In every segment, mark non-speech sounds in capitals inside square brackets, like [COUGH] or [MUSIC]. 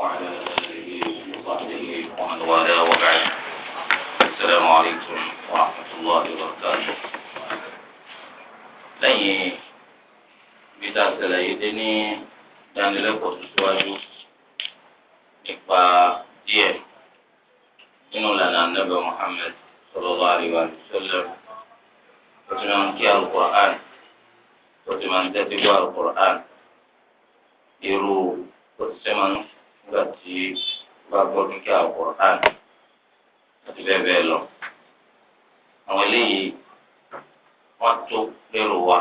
وعلى آله وصحبه ومن والاه وبعد السلام عليكم ورحمة الله وبركاته lẹ́yìn bíta ṣẹlẹ̀ yìí dé ní ìdánilẹ́kọ̀ọ́ tó síwájú nípa díẹ̀ nínú ìlànà anábẹ́ Muhammad sallallahu alaihi wa sallam ó ti máa ń kí alukur'an ó ti máa ń tẹ́tí bọ́ alukur'an irú ó ti ṣe máa ń nígbà tí bá gbọ́ kíkẹ́ àwòrán àti bẹ́ẹ̀ bẹ́ẹ̀ lọ. àwọn eléyìí wọ́n tó lérò wa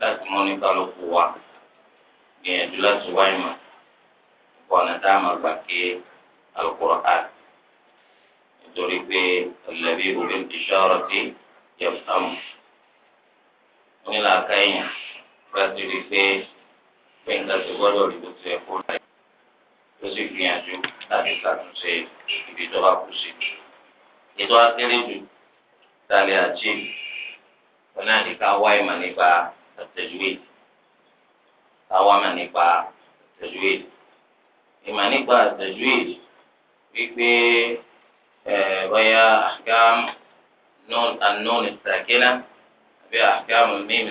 láti mú ní kálukú wa gbìyànjú láti wá ìmọ̀ nípa ọ̀nà tá a máa gbà ké àlùkùránì nítorí pé ọ̀lẹ́bí òbí ti sọ̀rọ̀ sí yẹ̀fọ́mù nílà káyìn láti rí i pé pé nǹkan ti gbọ́dọ̀ rí bó ti yẹ kó láyé tó sì gbìyànjú láti ṣàtúnṣe ibi tó bá kù sí. ètò akéré jù tàlẹ́ àjí wọn náà ní ká wá ìmọ̀ nípa tajwid ká wá ìmọ̀ nípa tajwid ìmọ̀ nípa tajwid wípé bóyá ahkam an-nun as àbí ahkam al-mim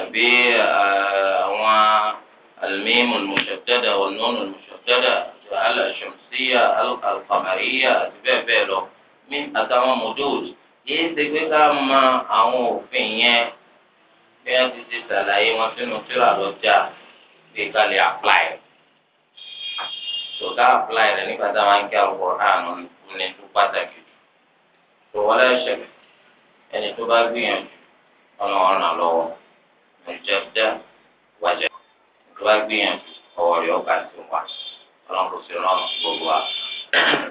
àbí àwọn. الميم المشددة والنون المشددة الجعالة الشمسية القمرية بيبيلو من أتام مدود yìí ṣe pé ká mọ àwọn òfin yẹn bí wọ́n ti ti ṣàlàyé wọn sínú tíra lọ́jà bí ká lè apply tó ká apply rẹ̀ nígbà tá a máa ń kí Al-Qur'an ní tó pàtàkì tó wọlé ẹsẹ̀ ẹni tó bá gbìyànjú ọ̀nà ọ̀ràn lọ́wọ́ ìjọba wájà tó bá gbìyànjú ọwọ́ rẹ̀ ọgbà tó wà ọlọ́run kò sí ọlọ́run gbogbo wa.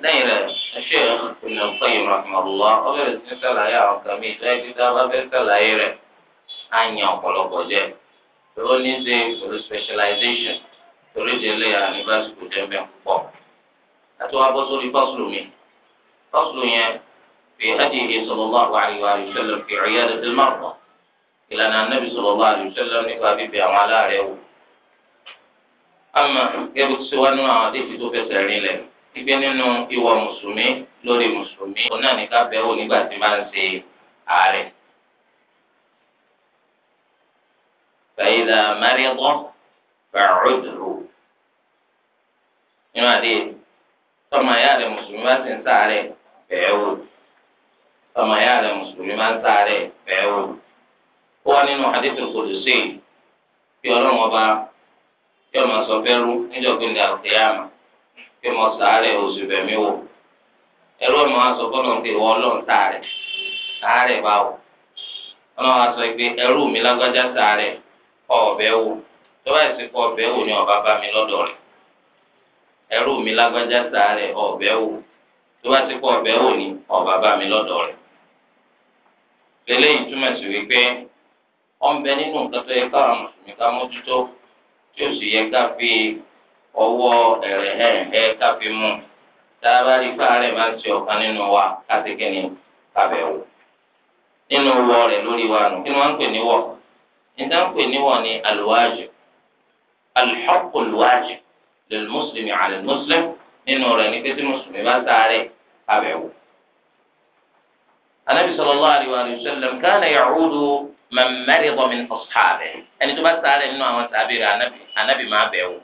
lẹ́yìn rẹ̀ ẹṣẹ́ ìpinnu ọ̀pẹ́ yìí rahmanullah ọbẹ̀rẹ̀ sí sàlàyé àwọn kan mi ìtọ́ ẹbí tá a bá fẹ́ sàlàyé rẹ̀ á yan ọ̀pọ̀lọpọ̀ jẹ́ ó ní ṣe pẹ̀lú specialization torí délé àníbásíkò jẹ́mbẹ̀ púpọ̀ àti wọn bọ́ sórí fọ́sùlù mi fọ́sùlù yẹn fi hadihi sallallahu alaihi wa sallam fi 'iyadatil marḍā ìlànà anábì sallallahu alaihi wa sallam nípa bíbẹ̀ àwọn àmọ́ ẹrù tí wọ́n nú àwọn àdéhùn tó fẹsẹ̀ rìn lẹ̀ ibi nínú ìwà mùsùlùmí lórí mùsùlùmí òun náà ní ká bẹ̀wò nígbà tí máa ń ṣe ààrẹ. fàyídà márìkọ́ fàrúdùrù nínú àdéhùn tọmọ ayá rẹ mùsùlùmí bá ti ń sáré bẹ̀wò tọmọ ayá rẹ mùsùlùmí bá ń sáré bẹ̀wò. ó wà nínú àdéhùn kòlùsí bí ọlọ́run ọba. kí ọmọ sọ fẹ́ rú níjọ́ pé ní àlùkìyàmà kí ọmọ sàárẹ̀ oṣù bẹ̀mí wò ẹrú ọmọ wa sọ fọlọ́ pé ìwọ ọlọ́run sàárẹ̀ sàárẹ̀ bá wò ọmọ wa sọ pé ẹrú mi lágbájá sàárẹ̀ ọ̀bẹ wò tó bá sì kọ ọ̀bẹ wò ni ọba bá mi lọ́dọ̀ ẹrú mi lágbájá sàárẹ̀ wò tó bá ti kọ wò ni ọba bá mi lọ́dọ̀ rẹ̀ lélẹ́yìn túmọ̀ sí wípé ọ̀nbẹ nínú nǹkan tó yẹ káwọn mùsùlùmí tí ó sì yẹ ká fi ọwọ́ ẹ̀rẹ̀ ẹ̀rẹ̀ ká fi mú tá a bá rí ipá rẹ̀ máa ń ṣe ọ̀kan nínú wa ká ti kí ni kábẹ̀ wò nínú wọ rẹ̀ lórí wa nù kí ni wọ́n ń pè ní wọ̀ níta ń pè ní wọ̀ ni alùwájù alùhọ́pù lùwájù lèlù mùsùlùmí àlè mùsùlùmí nínú rẹ̀ ní kété mùsùlùmí bá sáré kábẹ̀ wò. anabi sallallahu alaihi wa sallam kana mẹmẹrin bọmi ọsàbẹ ẹni tó bá sáré nínú àwọn sàbẹ rẹ anabi máa bẹ̀ wò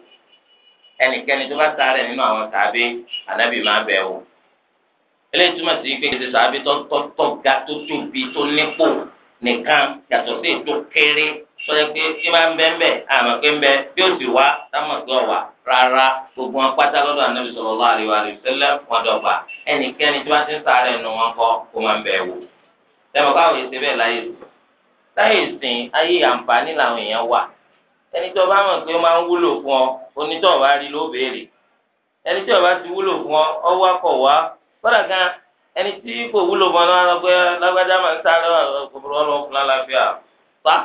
ẹnikẹ́ni tó bá sáré nínú àwọn sàbẹ anabi máa bẹ̀ wò eléyìí túmọ̀ sí pé kìsì sàbẹ tọ́tọ́ ga tó tóbi tó nípò nìkan yàtọ̀ sí ètò kéré sọdẹ pé kí máa ń bẹ́ẹ̀ bẹ́ẹ̀ àmọ́ pé ń bẹ́ẹ̀ bí ó sì wá táwọn ọ̀gá ọ̀wà rárá gbogbo wọn pátá lọ́dọ̀ anabi sallallahu alaihi wa sallam wọn tó bá ti sáré nínú wọn kọ́ kó máa ń bẹ̀ wò láìsìn ayé àǹfààní làwọn èèyàn wà ẹni tó bá mọ̀ pé ó máa ń wúlò fún ọ onítọ̀ bá rí ló béèrè ẹni tí ó bá ti wúlò fún ọ ọwọ́ akọ̀ wá gbọ́dọ̀ kan ẹni tí kò wúlò fún ọ lọ́wọ́ lọ́gbẹ́ lágbájá máa ń sáré ọ̀rọ̀ ọ̀fun lálàáfíà pa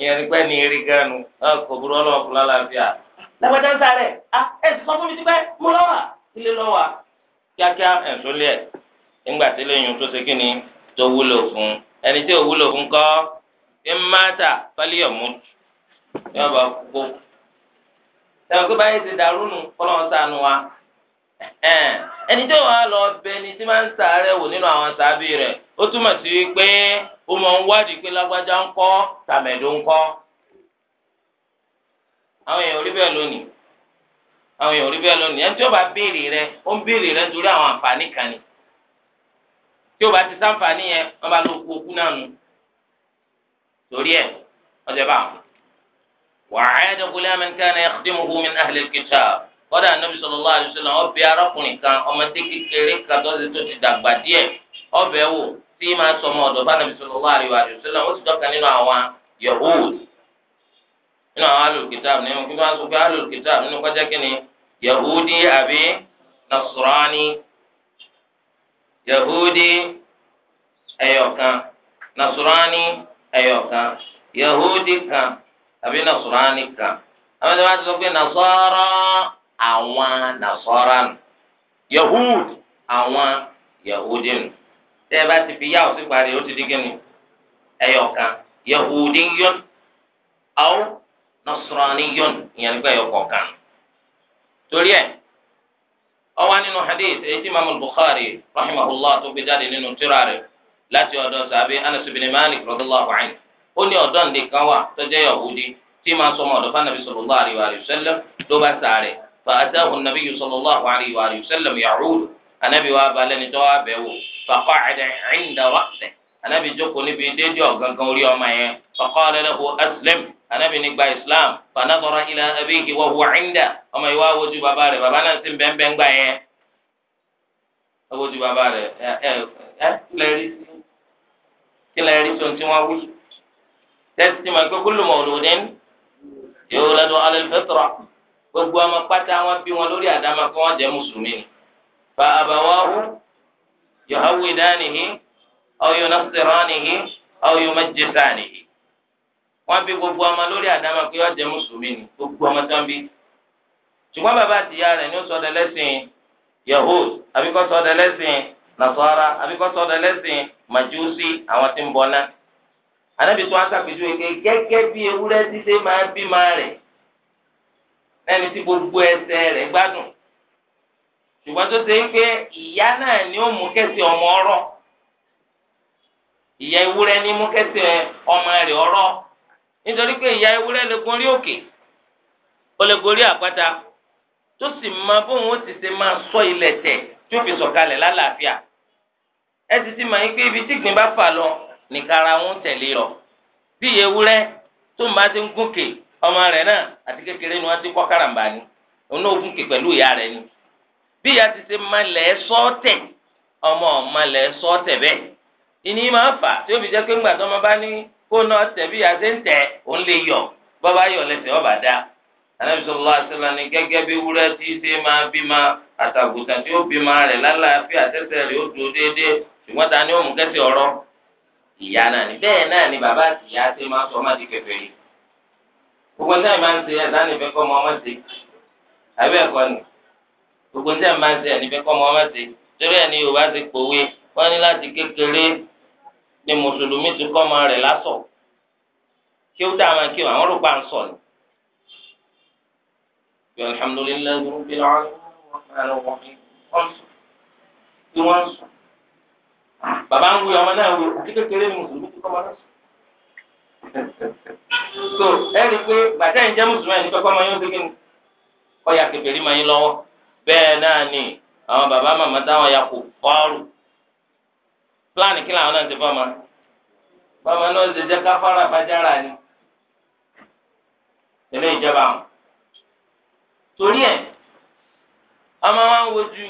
ìyẹn nípa ẹni eré gánu kò burú ọlọ́ọ̀fun lálàáfíà lágbájá ń sáré ẹ sọ fún mi ti pẹ́ mo lọ́wà ilé lọ́wà kíákíá ẹ̀sùn lẹ̀ nígbà tí lẹ́yìn tó ṣe kí ni tó wúlò fún un ẹni tí òwúlò fún kọ́ ẹ mmáta fálíọ̀mù yóò bá kó sẹ́wọ́n pé báyìí ti dàrú nù sànù wa ẹni tí wọ́n lọ bẹ ni tí máa ń sàárẹ̀ wò nínú àwọn sàábì O ó túmọ̀ sí pé ó mọ̀ ń wádìí pé lágbájá ń kọ́ tàmẹ̀dó ń kọ́ àwọn èèyàn orí bẹ́ẹ̀ lónìí àwọn èèyàn orí bẹ́ẹ̀ lónìí ẹni tí tí o bá ti sáǹfààní yẹn wọn bá lọ kú okú náà nù torí ẹ ọjọ bá wà á yẹ dẹkùn lẹ́yìn amẹ́ńkà náà ẹ̀kúndé mu hùmí náà lè kíkà kọ́dà anábì sallallahu alaihi wasallam ọbẹ̀ arákùnrin kan ọmọdé kékeré kan tó ti tó ti dàgbà díẹ̀ ọbẹ̀ wò tí máa sọ ọmọ ọ̀dọ̀ bá anábì sallallahu alaihi wasallam ó ti dọ́ka nínú àwọn yahood nínú àwọn alùkìtàb nínú kí wọ́n sọ pé alùkìtàb nínú kọjá kí ni àbí nasrani yahudi ẹyọkan nasurani ẹyọkan yahudi kan tàbí nasurani kan àwọn ti sọ pé nasara àwọn yahud àwọn yahudi nù tẹ ẹ bá ti fi yá òsì parí ó ti di kíni ẹyọkan yahudi yọn àwọn nasurani yọn ọwọ́ nínú hadith èyí tí imaamu bukhari rahimahullah tó gbé jáde nínú tírà rẹ̀ láti ọ̀dọ̀ sàbí anas bin malik radiyallahu anhu ó ní ọ̀dọ́ ǹdè kan wà tó jẹ́ yahudi tí máa sọmọ ọ̀dọ̀ fanabi sallallahu alayhi wa sallam ló bá sàárẹ̀ fàtàhù nabiyyu sallallahu alayhi wa sallam ya'udu anabi wa balẹ̀ ni tọ́wọ́ abẹ́wò faqa'ada 'inda ra'sihi anabi jókòó níbi déédéé ọ̀gángan orí ọmọ yẹn faqala lahu aslim anabi ni gba islam fanadara ila abihi wa huwa inda ọmọ yìí wá wojú bàbá rẹ̀ bàbá náà ti bẹ́ẹ̀ bẹ́ẹ̀ gbà yẹn wojú bàbá rẹ̀ ẹ ẹ kílẹ̀rì kílẹ̀rì tó ń tí wọ́n wí tẹ́sítì máa gbé kullu mawludin yuladu ala al gbogbo ọmọ pátá wọn bí wọn lórí àdámà kí wọn jẹ mùsùlùmí fa abawahu yuhawwidanihi aw yunassiranihi aw yumajjisanihi wọ́n bí gbogbo ọmọ lórí àdámà pé ọjẹ mùsùlùmí ni gbogbo ọmọ tán bí ṣùgbọ́n bàbá àti ìyá ni ó sọdọ lẹ́sìn yahood àbíkọ́ sọdọ lẹ́sìn nasara àbíkọ́ sọdọ lẹ́sìn màjúsí àwọn tí ń bọ náà anabi tó wá sàpèjúwe pé gẹ́gẹ́ bí ewúrẹ́ títí máa bí máa rẹ̀ lẹ́ni tí gbogbo ẹsẹ̀ rẹ̀ gbádùn ṣùgbọ́n tó ṣe ń pé ìyá náà ni ó mú kẹ́sì ọmọ ọ̀rọ̀ ìyá ewúrẹ́ ni mú kẹ́sì ọmọ rẹ̀ ọ̀rọ̀ nítorí pé ìyá ewúrẹ́ lè gorí òkè ó lè gorí àpáta tó sì máa bóun ó ti ṣe máa sọ ilẹ̀ tẹ̀ tí ó fi sọ̀kalẹ̀ lálàáfíà ẹ ti ti máa ń pé ibi tí ìgbín bá fà lọ nìkan ara tẹ̀lé lọ bí ewúrẹ́ tó máa ti ń gòkè ọmọ rẹ̀ náà àti kékeré ni wọ́n ti kọ́ káràmbà ni òun náà gòkè pẹ̀lú ìyá rẹ̀ ni bí ìyá ti ṣe máa lẹ̀ sọ́ọ̀tẹ̀ ọmọ ọ̀ lẹ̀ sọ́ọ̀tẹ̀ bẹ́ẹ̀ ìní máa fà tí ó fi jẹ́ pé ńgbà tó ọmọ bá ní kó náà tẹ̀bí àti ń tẹ̀ ó ń lè yọ bọ́bá yọ lẹ́sẹ̀ ọba dá anabi sallallahu alaihi wasallam ni gẹ́gẹ́ bí wúrẹ́ tí ṣe máa bímọ àtàgùtà tí ó bímọ rẹ̀ lálàáfíà tẹ́sẹ̀ rẹ̀ ó dúró déédéé ṣùgbọ́n ta ni ó mú kẹ́sì ọ̀rọ̀ ìyá náà ni bẹ́ẹ̀ náà ni bàbá àti ìyá ṣe máa sọ ọmọdé kẹfẹ́ yìí gbogbo ní àìmáa ń ṣe ẹ̀dá nífẹ̀ kọ́ ọmọ ọmọ ṣe àbí ẹ̀kọ́ ni gbogbo ní àìmáa ń ṣe ẹ̀nífẹ̀ kọ́ ọmọ ọmọ ṣe torí ẹ̀ ní Yorùbá ti pòwe wọ́n ní láti kékeré ni mùsùlùmí ti kọ́ ọmọ rẹ̀ lásọ̀ kí ó dáa máa kí wọn àwọn ló bá ń sọ ni. bí alhamdulilayi ló ń bí wọn ní wọn fi wọn sùn bí bàbá ń wí ọmọ náà wí òkè kékeré mùsùlùmí tó kọ́ náà sùn. so ẹ rí i pé bàtà ìjẹ́ mùsùlùmí ẹ̀ ní pẹ́pẹ́ ọmọ yóò dé kíni ọ̀yà kẹfẹ́rí máa yín lọ́wọ́ bẹ́ẹ̀ náà ni àwọn bàbá màmá táwọn ya kò kọ́ọ̀rù pílánì kí làwọn náà ti fọ́ ma bàbá náà ṣe jẹ́ káfárà bàjára ni tẹ̀lé ìjọba wọn. torí ẹ̀ ọmọ wa ń wojú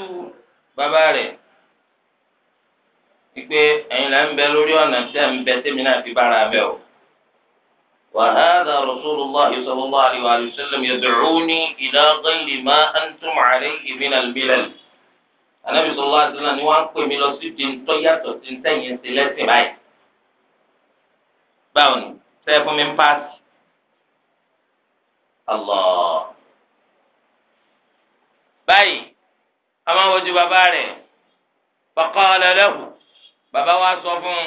bàbá rẹ̀ wípé ẹ̀yin là ń bẹ lórí ọ̀nà tẹ̀ ń bẹ tẹ̀mí náà fi bára bẹ́ o. وهذا رسول الله صلى الله عليه وآله وسلم يدعوني إلى غير ما anabi sọlọ asọlọ ni wọn pè mí lọ sí di ntọ yàtọ̀ sí ntẹyìn sí báyìí báwo ni sẹ ń paasi Allah. báyìí a máa wojú bàbá rẹ̀ faqala lahu bàbá wa sọ fún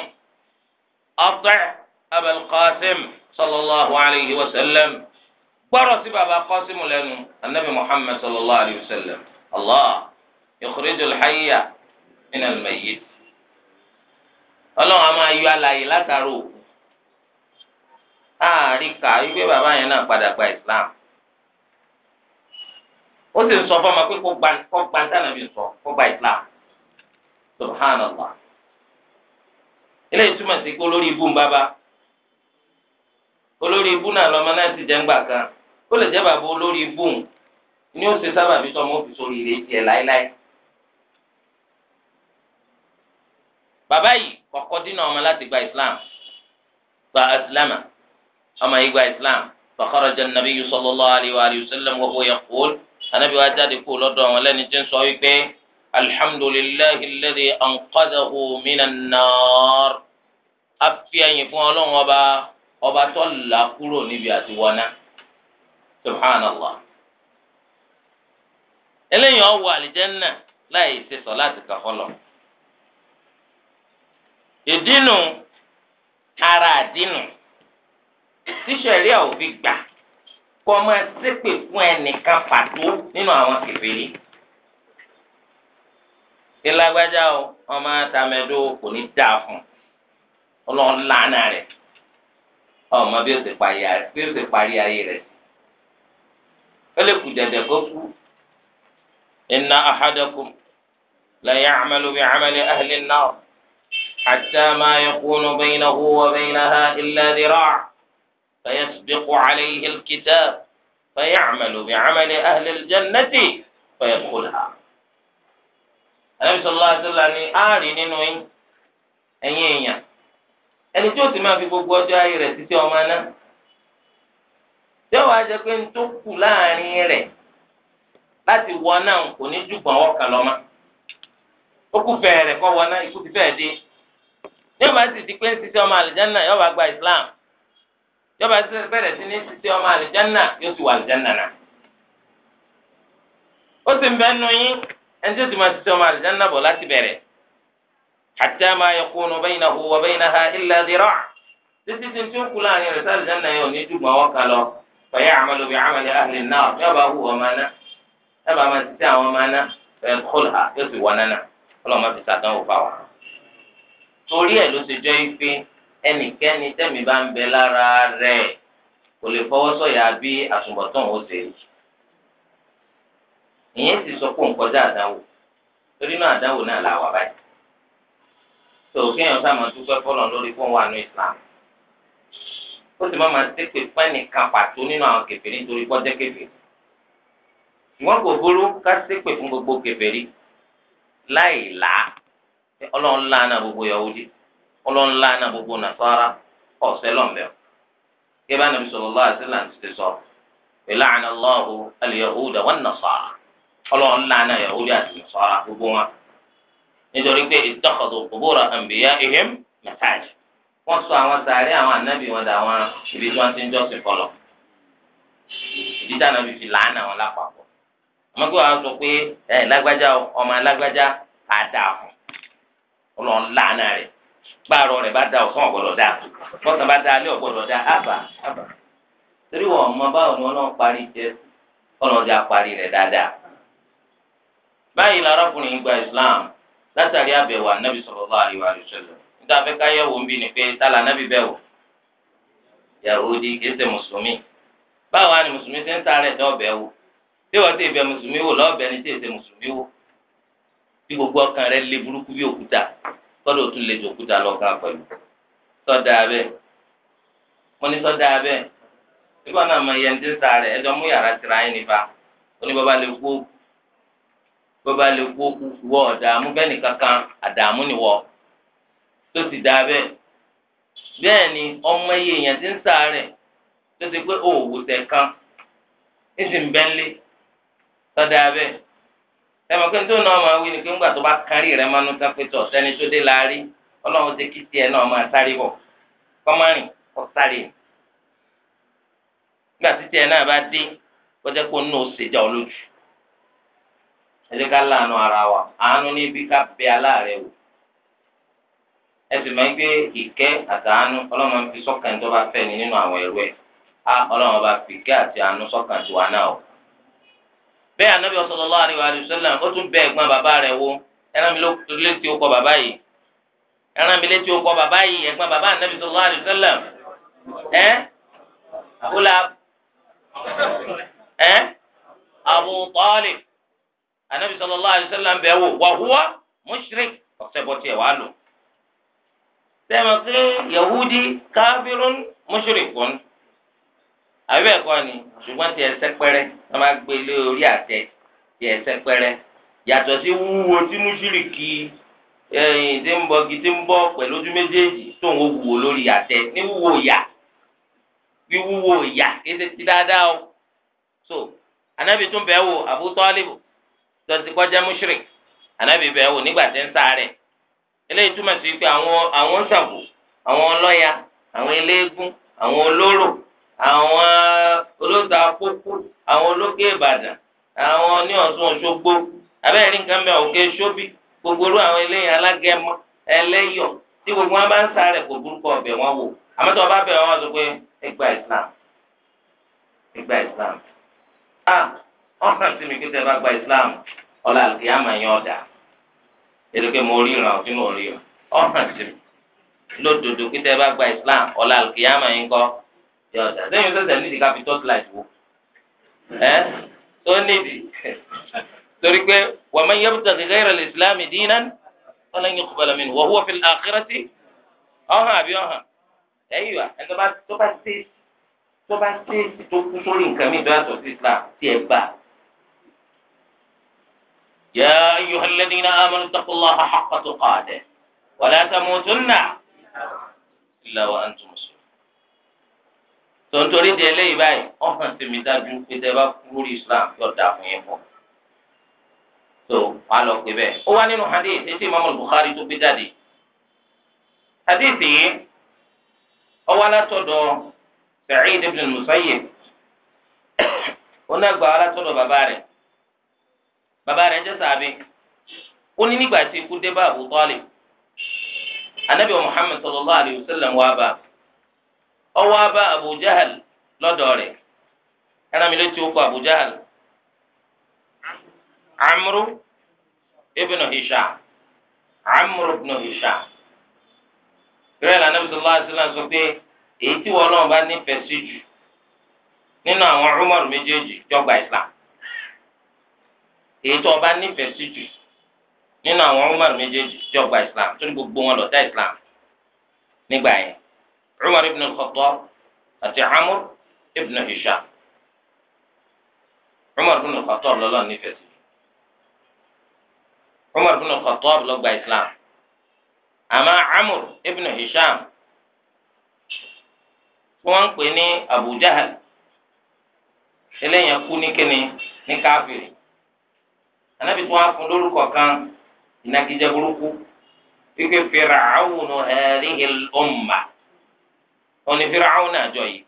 ati' Abul Qasim sallallahu alayhi wa sallam gbọ́rọ̀ sí bàbá Qasimu lẹ́nu anabi Muhammad sallallahu alayhi wa sallam Allah yukhrijul hayya minal mayyit ọlọ́run a máa yọ alàyè látàrí òkú àárín kà wípé bàbá yẹn náà padà gba islam ó sì ń sọ fọmọ pé kó gbantá nàbí sọ kó gba islam subhanallah eléyìí túmọ̀ sí pé olórí ibú ń bábá olórí ibú náà lọ́mọ náà ti jẹ́ ńgbà kan ó lè jẹ́ bàbá olórí ibú ni ó ṣe sábàbí tọmọ òfin sórí ilé tiẹ̀ láéláé. bàbá yìí kọ́kọ́ dínà ọmọ láti gba islam gba islam ọmọ yìí gba islam fakharaja nabiyyu sallallahu alayhi wa sallam wa huwa yaqul anabi wa jáde kú lọ́dọ̀ wọn lẹ́ni tí ń sọ wípé alhamdulillahi alladhi anqadhahu minan nar afiẹyin fún ọlọ́run ọba ọba tó là kúrò níbi àti wọná subhanallah eléyìí ọwọ àlìjẹnà láì ṣe sọ láti kàfọlọ ìdínú ara àdínú tíṣẹ̀rí à ò fi gbà kọ́ máa ṣépè fún ẹnìkan pàtó nínú àwọn kèfèrí. ìlágbájá o ọmọ tàmẹ́dó kò ní dáa fún ọlọ́run lánà ọmọ bí ó ti parí ayé rẹ̀ ó lè kù dẹ̀dẹ̀ kó kú. inna ahadakum la ya'malu bi'amali ahli an-nar hatta ma yakunu baynahu wa baynaha illa dhira'. فيسبق عليه الكتاب فيعمل بعمل أهل الجنة فيدخلها النبي صلى الله عليه وسلم ní ààrí nínú ẹni tí ó máa fi gbogbo ọjọ́ ayé rẹ̀ títí ọmọ náà jẹ́wọ́ ajẹ́ pé tó kù láàrin rẹ̀ láti wọ náà kò ní ju gbọ̀n ọkàn lọ́mọ ó kù fẹ́ẹ́ rẹ̀ wọ náà ikú ti dé di pé yọba gba Islam jọba ti bẹ̀rẹ̀ sí ní títí ọmọ àlìjánà yóò ti wà àlìjánà náà ó sì ń bẹ́ẹ̀ nu yín ẹni tó ti máa títí ọmọ hatta ma yakunu baynahu wa na illa dhira' títí tí tí ó kú láàrin rẹ̀ sí àlìjánà yẹn ní dùgbọ̀ wọn kan lọ fa ya'malu bi ọmọ ẹnikẹ́ni tẹ́mi bá ń bẹ lára rẹ̀ kò lè fọwọ́ sọ̀yà bí àtúbọ̀tán ó ṣe rí ìyẹn sì sọ pé nkọjá àdáwò torí náà àdáwò náà là wà báyìí tó kéèyàn sáà dúpẹ́ fọlọ́n lórí fún wa nù Islam ó sì má máa ṣépè pẹ́nìkan pàtó nínú àwọn kèfèrí nítorí pọ́jẹ́ kèfèrí ìwọ́n kò burú ká ṣépè fún gbogbo kèfèrí láì là ọlọ́run lánàá gbogbo Yahudi. ọlọ́nla náà gbogbo Nasara ọ̀sẹ̀ lọ́nbẹ̀ kébà ti sọ nasara ọlọ́nla náà yahudi àti nàṣọ́ra gbogbo wọn nítorí pé ittakhadhu qubura anbiya'ihim masajid wọ́n sọ àwọn sàárè àwọn ànábì wọn dà wọn ibi tí wọ́n ti ń jọ́sìn fi làánà wọn lápapọ̀ sọ pé ẹ̀ lágbájá ọmọ gbàrọ rẹ bá da ọ̀sán ọ̀gbọ́dọ̀ da bọ́sán bá da alẹ́ ọ̀gbọ́dọ̀ da àbà àbà torí wọn ọmọ báwo ni wọn náà parí jẹ ọlọ́dẹ àparí rẹ dáadáa. báyìí lárákùnrin gba Islam látàrí àbẹ̀wò ànábì sallallahu alaihi wa sallam níta fẹ́ káyẹ̀wò ń bí ni pé tálà ànábì bẹ̀ wò Yahudi kìí ṣe mùsùlùmí báwo ni mùsùlùmí ṣe ń ta rẹ̀ dọ́ọ̀bẹ̀ wò tí wọ́n ti bẹ̀ mùsùlùmí wò lọ́ọ̀bẹ̀ ni tí èsè mùsùlùmí wò tí gbogbo ọkàn rẹ̀ lé burúkú bí òkúta tọ́lọ̀ tún lè jòkúta lọ́ka pẹ̀lú sọ́dà abẹ́ mo ní sọ́dà abẹ́ nígbà náà mo yẹ ní sá rẹ̀ ẹjọ́ mú yàrá tìrà yín nípa ó ní bàbá lè kú bàbá lè kú wọ ọ̀dààmú bẹ́ẹ̀ ni kankan àdààmú ni wọ tó ti dà abẹ́ bẹ́ẹ̀ ni ọmọ iye èèyàn ti ń sá tó ti pé òòwò kan ní sì ń bẹ́ńlé sọ́dà abẹ́ ẹmọ pé tó náà máa wí ni pé ńgbà tó bá kárí rẹ máa ń tán pé tọ sẹni tó dé la rí ti kí tiẹ̀ náà máa sáré kọmárìn kọ sáré nígbà tí náà bá dé olójú ẹ ká láàánú ara wa àánú níbi ká bẹ aláàárẹ̀ wò ẹ sì máa ń gbé àtàánú máa ń fi tó àánú bẹ́ẹ̀ anabi sallallahu alaihi wa sallam ó tún bẹ ẹ̀gbọ́n bàbá rẹ̀ wo ẹran mi létí ó kọ bàbá yìí ẹran mi létí ó kọ bàbá yìí ẹ̀gbọ́n bàbá anabi sallallahu alaihi wa sallam ẹ abúlá ẹ Abu Talib anabi sallallahu alaihi wa sallam bẹ wo wa huwa mushrik ọ̀sẹ̀ bọ́ tiẹ̀ wàá lò sẹ́mi àbí ẹ̀kọ́ ni ṣùgbọ́n tiẹ̀ sẹ́pẹ́rẹ́ wọ́n máa gbé lé orí àtẹ tiẹ̀ sẹ́pẹ́rẹ́ yàtọ̀ sí wúwo tí mùsùlùkì ẹ̀yìn tí ń bọ̀ kí tí ń bọ̀ pẹ̀lú ojú méjèèjì tó ń wúwo lórí àtẹ ní wúwo ìyà wíwúwo ìyà kéde ti dáadáa o so anabi tún bẹ́ẹ̀ wò Abu Talib tọ́sí kọjá mushrik anabi bẹ́ẹ̀ wò nígbà tí ń sáré eléyìí túmọ̀ sí pé àwọn àwọn ń sàbò àwọn ọlọ́ya àwọn eléégún àwọn olóró àwọn olóòtú àkókò àwọn olókè ìbàdàn àwọn ní ọ̀ṣun òṣogbo abẹ́rẹ́ nǹkan mẹ́ òkè ṣóbì gbogbo irú àwọn eléyìí alágẹmọ ẹlẹ́yọ̀ tí gbogbo wọn bá ń sáré kò burúkọ ọbẹ̀ wọn wò àmọ́tọ́ ọba bẹ̀rẹ̀ wọn sọ pé ẹgbà islam ẹgbà islam ah ọ̀hún àti mi kíkẹ́ bá gba islam ọ̀la àlùkè àmà yẹn ọ̀dà èdèké mo ríran òfin mo ríran ọ̀hún àti mi lódodo kíkẹ́ bá gba islam ọ̀la àlùkè àmà yẹn kọ́ yọ ọ̀dà lẹ́yìn sẹ̀sẹ̀ nídìí ká fi tọ́sí láì wò ẹ́ tó nídìí torí pé wa man yabtaghi ghayra al-islam dinan falan yuqbala minhu wa huwa fil akhirati ọ̀hàn àbí ọ̀hàn ẹ̀yìn wa ẹ̀ tó bá tó bá ṣe tó bá ṣe tó kú sórí nǹkan mi ìdọ́yàtọ̀ sí islam tí ẹ bá. يا أيها الذين آمنوا اتقوا الله حق تقاته ولا تموتن إلا وأنتم مسلمون tontori di eléyìí báyìí ọ̀hún ti mi dájú pé tẹ bá kú islam yóò dà fún yín fún so wàá lọ pé bẹ́ẹ̀ ó wá nínú hadith títí imaamu bukhari tó gbé jáde hadith yìí ọwọ́ alátọ̀dọ̀ sa'id ibn musayyib onágbà alátọ̀dọ̀ bàbá rẹ̀ bàbá rẹ̀ jẹ́ sàbí ó ní nígbà tí ikú dé bá abu talib anabi wa muhammad sallallahu alayhi wa sallam wà bá a ọwọ́ abá Abu Jahal lọ́dọ̀ rẹ̀ ẹran mi létí okò Abu Jahal Amru ibn Hisham Amru ibn Hisham rẹ̀ lànà bisalòlá àṣìlá sọ pé èyí tí wọn náà bá nífẹ̀ẹ́ sí jù nínú àwọn Umar méjèèjì jọgbà Islam èyí tí wọn bá nífẹ̀ẹ́ sí jù nínú àwọn Umar méjèèjì jọgbà Islam tó ní gbogbo wọn lọ́tà Islam nígbà yẹn. عمر ibn الخطاب khattab àti Amr ibn عمر Umar الخطاب al-Khattab عمر nífẹ̀ẹ́ الخطاب Umar ibn al-Khattab ló gba Islam àmọ́ Amr ibn Hisham wọ́n ń pè ní Abu Jahal eléyàn kú ní kíni ní káfíìrì anábì tó wá fún lórúkọ kan ìnagijẹ burúkú wípé Fir'aunu hadhihi al-umma òní Fíráúnà àjọ yìí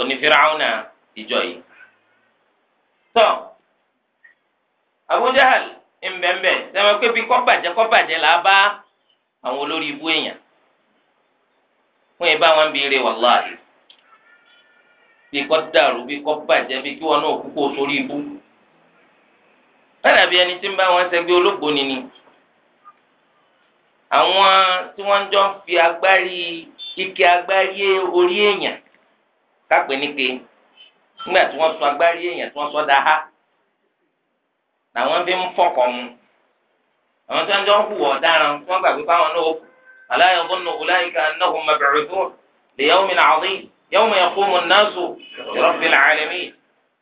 òní Fíráúnà ìjọ yìí. tó Abu Jahal ńbẹ̀ńbẹ̀ sẹ́wọ́n pé bí kọ́bàjẹ́ kọ́bàjẹ́ là á bá àwọn olórí ibú èèyàn fún ìbá wọn bí ire wàláhì bí kọ́ dàrú bí kọ́ bàjẹ́ bí kí wọn náà kú kó sórí ibú. bẹ́ẹ̀ dàbí ẹni tí ń bá wọn ṣẹgbẹ́ olóògbóni ni. ni àwọn tí wọ́n jọ ń fi agbárí ike agbárí orí èèyàn kápẹ́ níke nígbà tí wọ́n sọ agbárí èèyàn tí wọ́n sọ daha làwọn fi ń fọkọ̀ mu àwọn tí wọ́n jọ ń hùwà ọ̀daràn tí wọ́n gbàgbé fáwọn náà ala yazunnu ulaika annahum mab'uthun li yawmin 'azim yawma yaqumu an-nasu li rabbil 'alamin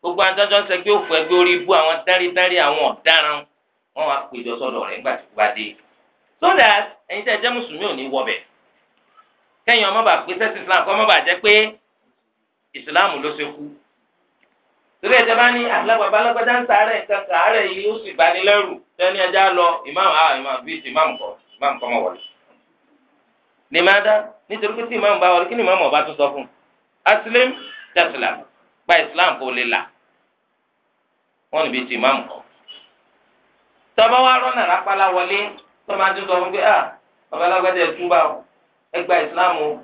gbogbo adájọ́ sẹ́gbẹ́ òfò ẹgbẹ́ orí ibú àwọn dáridári àwọn ọ̀daràn wọn wá péjọ sọ́dọ̀ rẹ̀ nígbà tí kò bá dé. so that ẹni tẹ́ jẹ́ musulmi ò ní ọmọ bá pé sẹ́sì islam kọ́ ọmọ bá pé islam ló ṣe kú torí bá ní alábàbà ah, alágbádá ń sàárẹ̀ nǹkan sàárẹ̀ yìí ó sì bá ní lẹ́rù lọ imam ah, kọ kọ́ wọlé ní máa dá nítorí pé tí fún asilim tẹsílà gba islam lè là wọn ti wọ́n máa tún sọ fún pé ah babalágbádé ẹ̀ túbà o ẹ gba ìsìláàmù o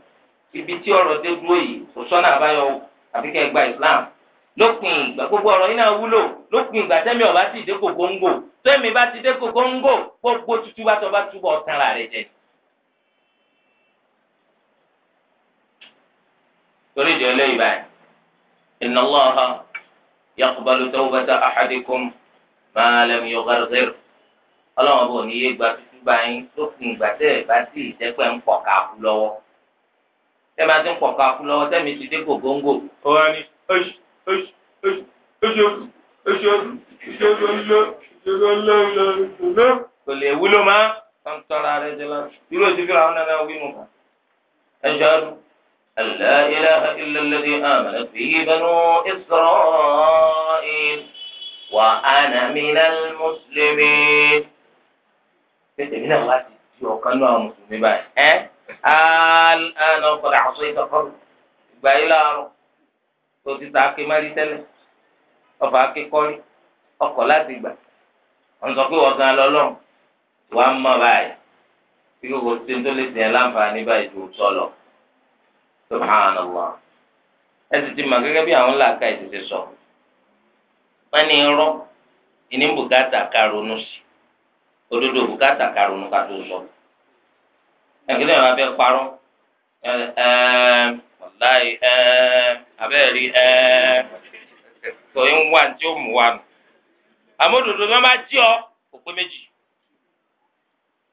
ibi tí ọ̀rọ̀ dé dúró yìí kò sọ́nà àbáyọ o àfi kẹ́ ẹ gba ìsìláàmù lópin ìgbà gbogbo ọ̀rọ̀ yìí wúlò lópin ìgbà tẹ́mi ọ̀bá ti dé kòkóńgò tẹ́mi bá ti dé kòkóńgò gbogbo tuntun bá tọ́ bá túbọ̀ ọ̀tàn rà rẹ̀ jẹ. torí ìdí ọlẹ́yìn báyìí inna Allaha yaqbalu tawbata ahadikum ma lam yughadhir ọlọ́wọ́n bò ní yé gbàgbé gba yín lópin ìgbà tẹ́ ẹ̀ bá sì ìjẹ́pẹ́ ń pọ̀ káàkú lọ́wọ́ tẹ́ máa ti ń pọ̀ káàkú lọ́wọ́ tẹ́mi ti dé gògóńgò. ó wá ní oṣù oṣù oṣù oṣù oṣù oṣù oṣù oṣù kò lè wúlò má tán tọ́ra rẹ jẹ lọ irú òsì fìlà ọ̀nà náà wí nù kàn. ẹ ṣáájú ẹ̀lẹ́ ilẹ̀ ilẹ̀ lẹ́dí àmàlà fi bẹnu ìsọ̀rọ̀ ẹ̀ wà á nà mí lẹ́nu mùsùlùmí tèmi náà wá ti di ọ̀kan náà mùsùlùmí báyìí ẹ́ àná ọkọ̀dà àṣọ ìtọ́kọ́rù ìgbà yìí láàárọ̀ tó ti ta ake má rí tẹ́lẹ̀ ọba ake kọ́rí ọkọ̀ láti gbà wọ́n sọ pé wọ́n gan lọ́lọ́run wàá mọ̀ báyìí tí gbogbo tí n tó lè sìn láǹfààní báyìí tó sọ lọ subhanallah ẹ sì ti mọ̀ gẹ́gẹ́ bí àwọn làákà ìtẹ̀sẹ̀ sọ wọ́n ní irọ́ ìní bùkátà ká ronú olódò bùkátà karùnún ká tó sọ ẹgbẹ́ náà abẹ́ parọ́ ọ̀láì abẹ́rẹ́ tọ́yìn wà tí ó mú wa nù amódodo bá má jí ọ kò pé méjì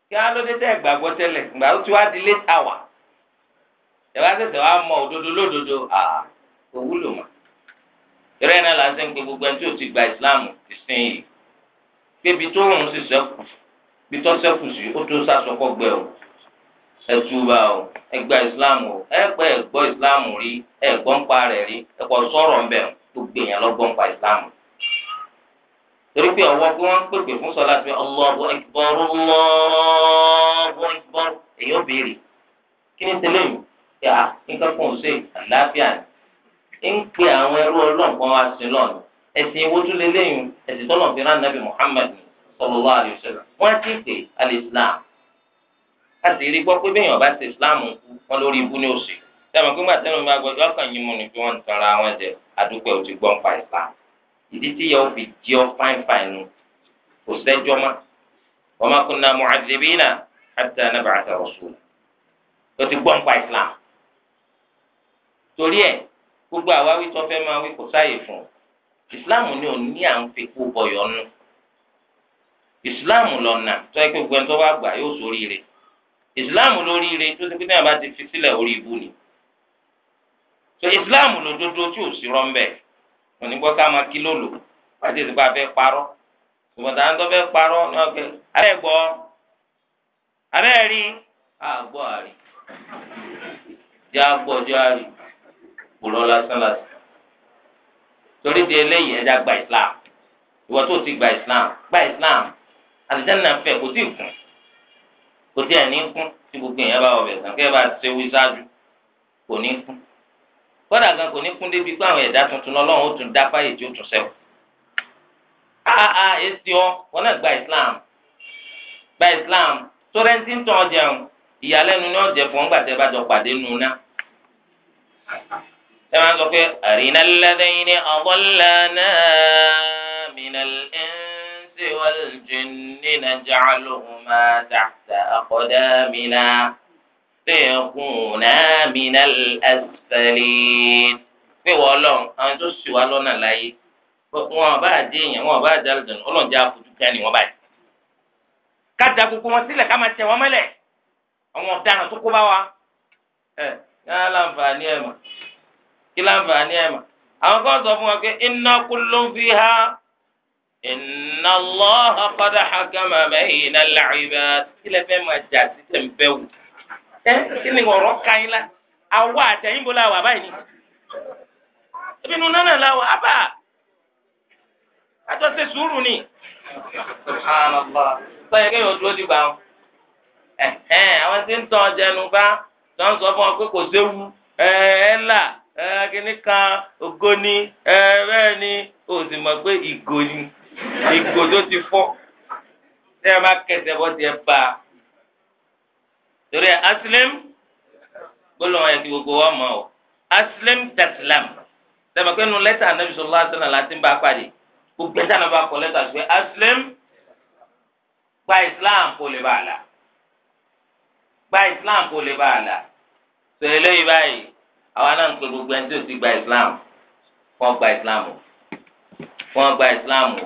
kí á ló dé tẹ́ gbàgbọ́ tẹ́lẹ̀ gbà ó ti wá di late hour ìjọba tẹ̀sẹ̀ wá mọ òdodo lódodo àà kò wúlò mọ́ ìrẹ́ náà là ń sẹ́ńpẹ́ gbogbo ẹni tí ò ti gba ìsìláàmù ìsìn yìí pébi tó rùn sì sẹ́kù bí tọ́sẹ̀kù sí ó tó sásọkọ́ gbẹ o ẹtùbà o ẹgbà ìsìláàmù o ẹgbẹ́ ẹ̀gbọ́ ìsìláàmù rí ẹ̀gbọ́n ń pa rẹ̀ rí ẹ̀kọ́ sọ̀rọ̀ ń bẹ̀ tó gbé yẹn lọ́gbọ́n pa ìsìláàmù. torí pé ọwọ́ pé wọ́n ń pèpè fún sọ́lá pé Allahu Akbar Allahu Akbar èyí ó béèrè kí ni tẹ́lẹ̀ mi yà á nǹkan kan ò ṣe àlàáfíà ni ń pe àwọn ẹrú ọlọ́ọ̀kan wa sí lọ́ọ̀nù ẹ̀sìn ìwójú ẹ̀sìn tọ́lọ̀ fi rán nàbì Muhammad ni sọlọ́lá àdìsẹ́lẹ̀ wọ́n ti pè alìsílám a sì rí gbọ́ pé bẹ́ẹ̀ yàn bá ti islam kú wọn lórí ibú ní oṣù sẹ́wọ̀n pé gbàtẹ́ ló ń bá gbọ́dọ̀ ọkàn yín mu ni bí wọ́n ń tan ara wọn jẹ àdúgbò ò ti gbọ́ nípa islam ìdí tí yẹn ó fi jí ọ fáìfáì nu kò sẹ́jọ́ mọ́ wọ́n máa kún náà mu'adhibina hatta nab'atha rasul ó ti gbọ́ nípa islam torí ẹ̀ gbogbo àwa wí tó máa wí kò sáàyè fún islam ni ò ní à ń fi kú bọ̀yọ̀ nù. Islam lọ́nà tó yẹ pé gbogbo ẹni tó bá gbà yóò sórí rẹ̀ ìsìláàmù lórí rẹ̀ tó ti pété àbá ti fi sílẹ̀ orí ibu ni so ìsìláàmù lòdodo tí ò sí rọ́ńbẹ́ onígbọ́ ká máa kí lòlò pàṣẹ ìsìnkú abẹ́ parọ́ ìbọ̀dà ń tọ́ fẹ́ parọ́ ní ọ̀kẹ́ abẹ́ gbọ́ abẹ́ rí àgbọ̀ àrí jẹ́ àgbọ̀ jẹ́ àrí kúrọ́ lásán torí di eléyìí ẹ̀dá gba Islam ìwọ tó ti gba Islam gba Islam àlùjánnà fẹ̀ kò tí ì kún kò tí ì ní kún tí gbogbo èèyàn bá ọbẹ̀ sàn kẹ́ bá ṣe wí ṣáájú kò ní kún kódà gan kò ní kún débi pé àwọn ẹ̀dá tuntun lọ́lọ́run ó tún dá fáyè tí ó tún sẹ́wọ̀ áá èsì ọ wọn náà gba Islam gba Islam torẹ́ntì ń tàn ọ jẹun ìyàlẹ́nu ni ọ̀jẹ̀ fún ọgbà tẹ́ bá jọ pàdé nu ná ẹ máa ń sọ pé àrínà ni ọ̀bọ̀n mìíràn ẹ̀ الإنس والجن نجعلهما تحت أقدامنا ليكونا من الأسفلين pé wọ́n lọ́n àwọn tó sì wá lọ́nà láyé wọn bá dé èèyàn wọn bá dá lọ́dọ̀ ọlọ́run jẹ́ àfojú kan ni wọ́n bá dé. ká da gbogbo wọn sílẹ̀ ká máa tẹ̀ wọ́n mọ́lẹ̀ àwọn ọ̀daràn tó kó bá wa. ẹ ká láǹfààní ẹ̀ mọ̀ kí láǹfààní ẹ̀ mọ̀ àwọn kan sọ fún wa pé inna kullun fiha. Inna Allaha qad hakama bayna al-ibad kílẹ̀ fẹ́ máa jà sí tẹ̀m̀bẹ́ wò. ẹ kí ni ọ̀rọ̀ eh, eh, eh, ka yín la àwa àtẹ̀yìn bó la wà báyìí ni. ebi nu nánà la wà ni. sọ̀yẹ́ kéèyàn ọ pé kò ìgò tó ti fọ́ tẹ́ ẹ bá kẹsẹ̀ bọ́ tiẹ̀ bá a torí ẹ asilim gbólóhùn ẹ̀ ti gbogbo wa mọ̀ ọ́ asilim tasilam tẹ̀mọ̀ pé nu lẹ́tà anabi sọ̀rọ̀ láti náà láti ń bá a pàdé gbogbo ẹ̀ta náà bá kọ lẹ́tà sí pé asilim gba islam kò lè bá a la gba islam kò lè bá a la sọ̀rọ̀ lóyún báyìí àwa náà ń pe gbogbo ẹni tó ti gba islam fún ọgbà islam fún ọgbà islam o.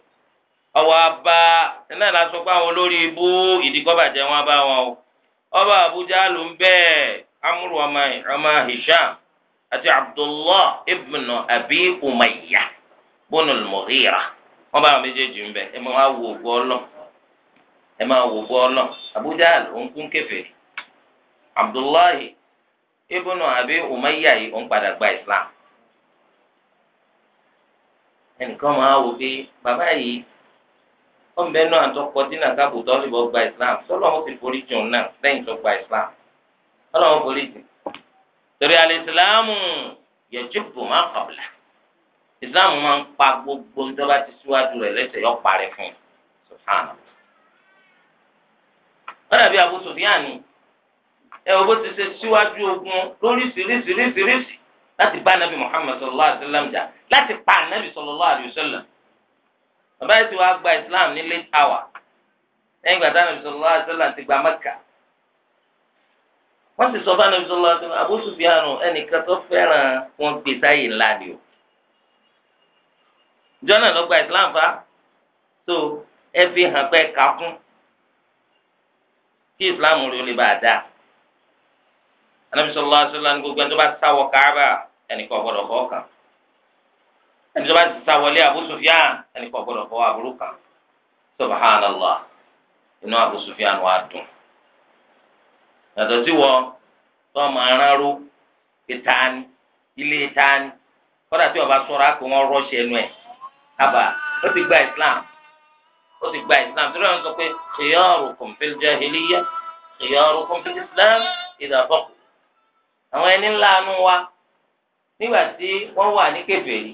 ọwọ́ abá náà la sọ pé àwọn olórí ibú ìdíkọ́bàjẹ́ wọn bá wọn o ọba Abuja ló ń bẹ́ẹ̀ amúrò ọmọ ọmọ Hisham àti Abdullah ibn Abi Umayya bọ́nà Mughira wọn bá wọn méjèèjì ń bẹ ẹ máa wò gbọ́ ẹ máa wò gbọ́ Abuja ló ń kún kẹfẹ́ Abdullah ibn Abi Umayya yìí ó ń padà gba Islam ẹnìkan máa wò pé bàbá yìí ó ń bẹ náà àtọkọ dínà káàbù tọ́lìbọ gba islam sọlọ́wọ́ ti forí jùn náà lẹ́yìn tó gba islam sọlọ́wọ́ forí jùn torí alẹ́ ìsìláàmù yẹjúbù máa kọ̀ọ̀lá ìsìláàmù máa ń pa gbogbo tó bá ti síwájú rẹ̀ lẹ́sẹ̀ yọ parẹ́ fún un subhanahu. wọ́n dàbí Abu Sufyani ẹ wọ́n bó ti ṣe síwájú ogun lóríṣiríṣiríṣiríṣi láti bá anabi Muhammad sallallahu alayhi wa sallam jà láti pa anabi sallallahu alayhi wa sallam bàbá yìí ti wá gba islam ní late hour lẹ́yìn ìgbà táwọn ẹ̀mí sọ̀rọ̀ láti sọ̀rọ̀ àti gba mẹ́kà wọ́n sì sọ fún ẹ̀mí sọ̀rọ̀ láti Abu Sufyan ẹnìkan tó fẹ́ràn wọn gbé sáyè ńlá ni o jọ́nà ló gba islam fa so ẹ fi hàn pé ká kún kí islam rí o lè bá a dá ẹ̀mí sọ̀rọ̀ láti sọ̀rọ̀ ní gbogbo ẹni tó bá sáwọ káábà ẹnìkan ọ̀gbọ́dọ̀ kọ̀ọ̀kan ẹni tó bá ti sá wọlé Abu Sufyan ẹni kò gbọdọ̀ fọwọ́ aburú kan subhanallah inú Abu Sufyan wà dùn yàtọ̀ sí wọ tó máa rárú ìtaani ilé ìtaani kọ́dà tí ọba sọ̀rọ̀ á pè wọ́n rọ́ọ̀ṣì ẹnu ẹ̀ àbá ó ti gba Islam ó ti gba Islam tó lóun sọ pé khiyarukum fil jahiliyyah khiyarukum fil Islam idha àwọn ẹni ńlá nu wa nígbà tí wọ́n wà ní kèfèrí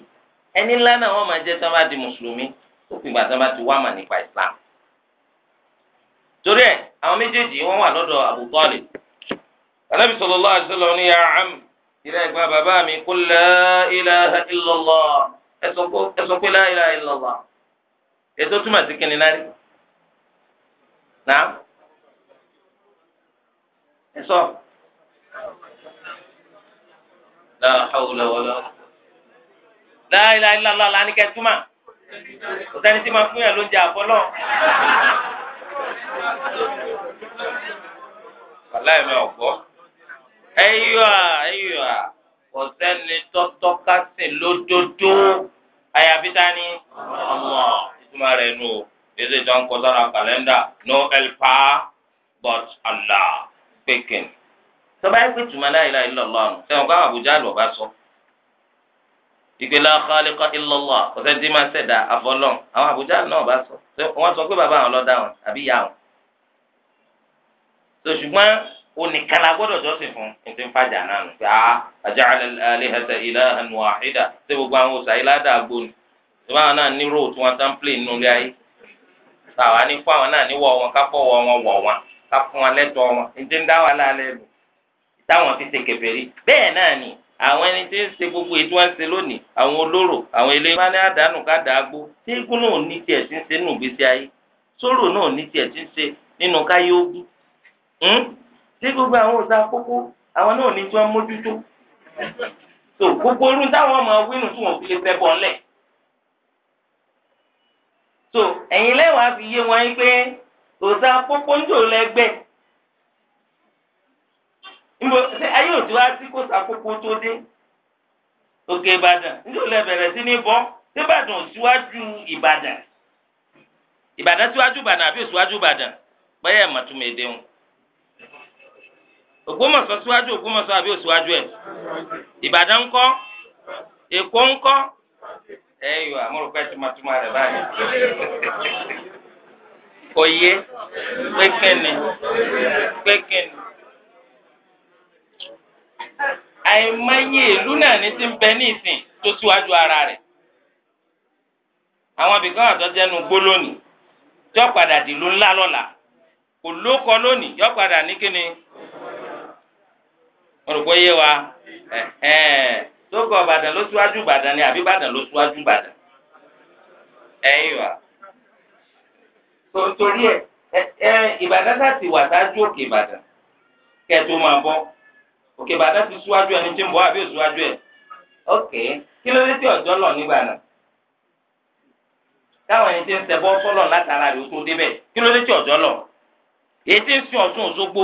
ẹni ńlá náà wọ́n máa jẹ́ tí wọ́n bá di mùsùlùmí ó fi ìgbà tí wọ́n bá ti wá mà nípa islam torí ẹ àwọn méjèèjì wọ́n wà lọ́dọ̀ Abu Talib anabi sallallahu alaihi wasallam ní ya am ìrẹ ẹgbẹ bàbá mi qul la ilaha illallah ẹ sọ pé la ètò túmọ̀ sí kínní náà rí náà ẹ sọ la hawla wala láìláì ńláńlá lánìkẹ́ túmọ̀ kò sẹ́ni tí máa fún yàn ló ń jẹ àbọ́lọ́. wàláì mi ò gbọ́ ẹ̀yọ́ ẹ̀yọ́ kò sẹ́ni tọ́tọ́ ká sìn lódodo àyàfi ta ni ọmọ ìtumọ̀ rẹ̀ nù o èsì ìjọ ń kọ sára kàlẹ́ndà no helper but Allah pékin. sọ báyìí pé tùmọ̀ láìláì ńlọ́ọ̀lọ́run sẹ́wọ̀n káwọn àbújá lọ́ọ́ bá sọ ìpè la khaliqa illallah ọ̀sẹ̀ tí máa ṣẹ̀dá àfọlọ́n àwọn àbújá náà bá sọ wọ́n sọ pé bàbá àwọn lọ́dà wọn àbí ìyá wọn. tó ṣùgbọ́n oníkàlà gbọ́dọ̀ jọ́sìn fún ètò ìfajà náà nù pé ah, aja'ala al-alihata ilahan wahida ṣé gbogbo àwọn òòsà ilá dàá gbóni ìbá wọn náà ní róò tí wọn tán plé nínú ilé ayé àwa ní fún àwọn náà ní wọ wọn ká fọwọ́ wọn wọ̀ wọn ká fún wọn lẹ́tọ̀ọ́ wọn àwọn ẹni tí ń ṣe gbogbo ètò wọn ṣe lónìí àwọn olóró àwọn ilé wọn ní àdánù kádàágbó tí eégún náà ní tiẹ̀ ti ń ṣe nínú ìgbésí ayé sóró náà ní tiẹ̀ ti ń ṣe nínú káyé ogun hmm? tí gbogbo àwọn òòṣà kókó àwọn náà ní tí wọ́n mójútó tó gbogbo irú táwọn ọmọ wínú tí wọ́n fi lè fẹ́ bọ́ ńlẹ̀ tó ẹ̀yin lẹ́wàá fi yé wọn yín pé òòṣà kókó ń jò lẹ́gbẹ̀ẹ́ nbọ ṣe ayé òtí wá sí kó sakoko tó dé òkè ìbàdàn níjó lè bẹ̀rẹ̀ sí ní bọ́ síbàdàn síwájú ìbàdàn ìbàdàn síwájú ìbàdàn àbí òsíwájú ìbàdàn bẹ́ẹ̀ ẹ̀ mọ̀túmọ̀ èdè wọn. Ògbómọ̀ṣọ́ síwájú Ògbómọ̀ṣọ́ àbí òsíwájú ẹ̀ ìbàdàn ńkọ́ èkó ńkọ́ ẹ yọ àmúrùpẹ́ tumatuma rẹ̀ báyìí kò yé pékinni pékinni. àìmọye ìlú náà ní ti ń bẹ ní ìsìn tó ara rẹ àwọn abìkan àtọ́jẹ́nu gbó lónìí tí padà dìlú ńlá lọ́la kò lóko lónìí yọ́ padà ní kíni yé wa tó kọ ló síwájú ni àbí Ìbàdàn ló síwájú Ìbàdàn ẹ̀yìn wa tó torí ẹ̀ Ìbàdàn ti wà sáájú òkè òkè bàtà ti síwájú ẹni tí ń bọ̀ àbí òsíwájú ẹ̀ ok kí ló dé tí ọ̀jọ́ lọ nígbà náà táwọn ẹni tí ń ṣẹbọ sọ́lọ̀ látara rẹ̀ ó tó débẹ̀ kí ló dé tí ọ̀jọ́ lọ èyí tí ń sin Ọ̀ṣun Òṣogbo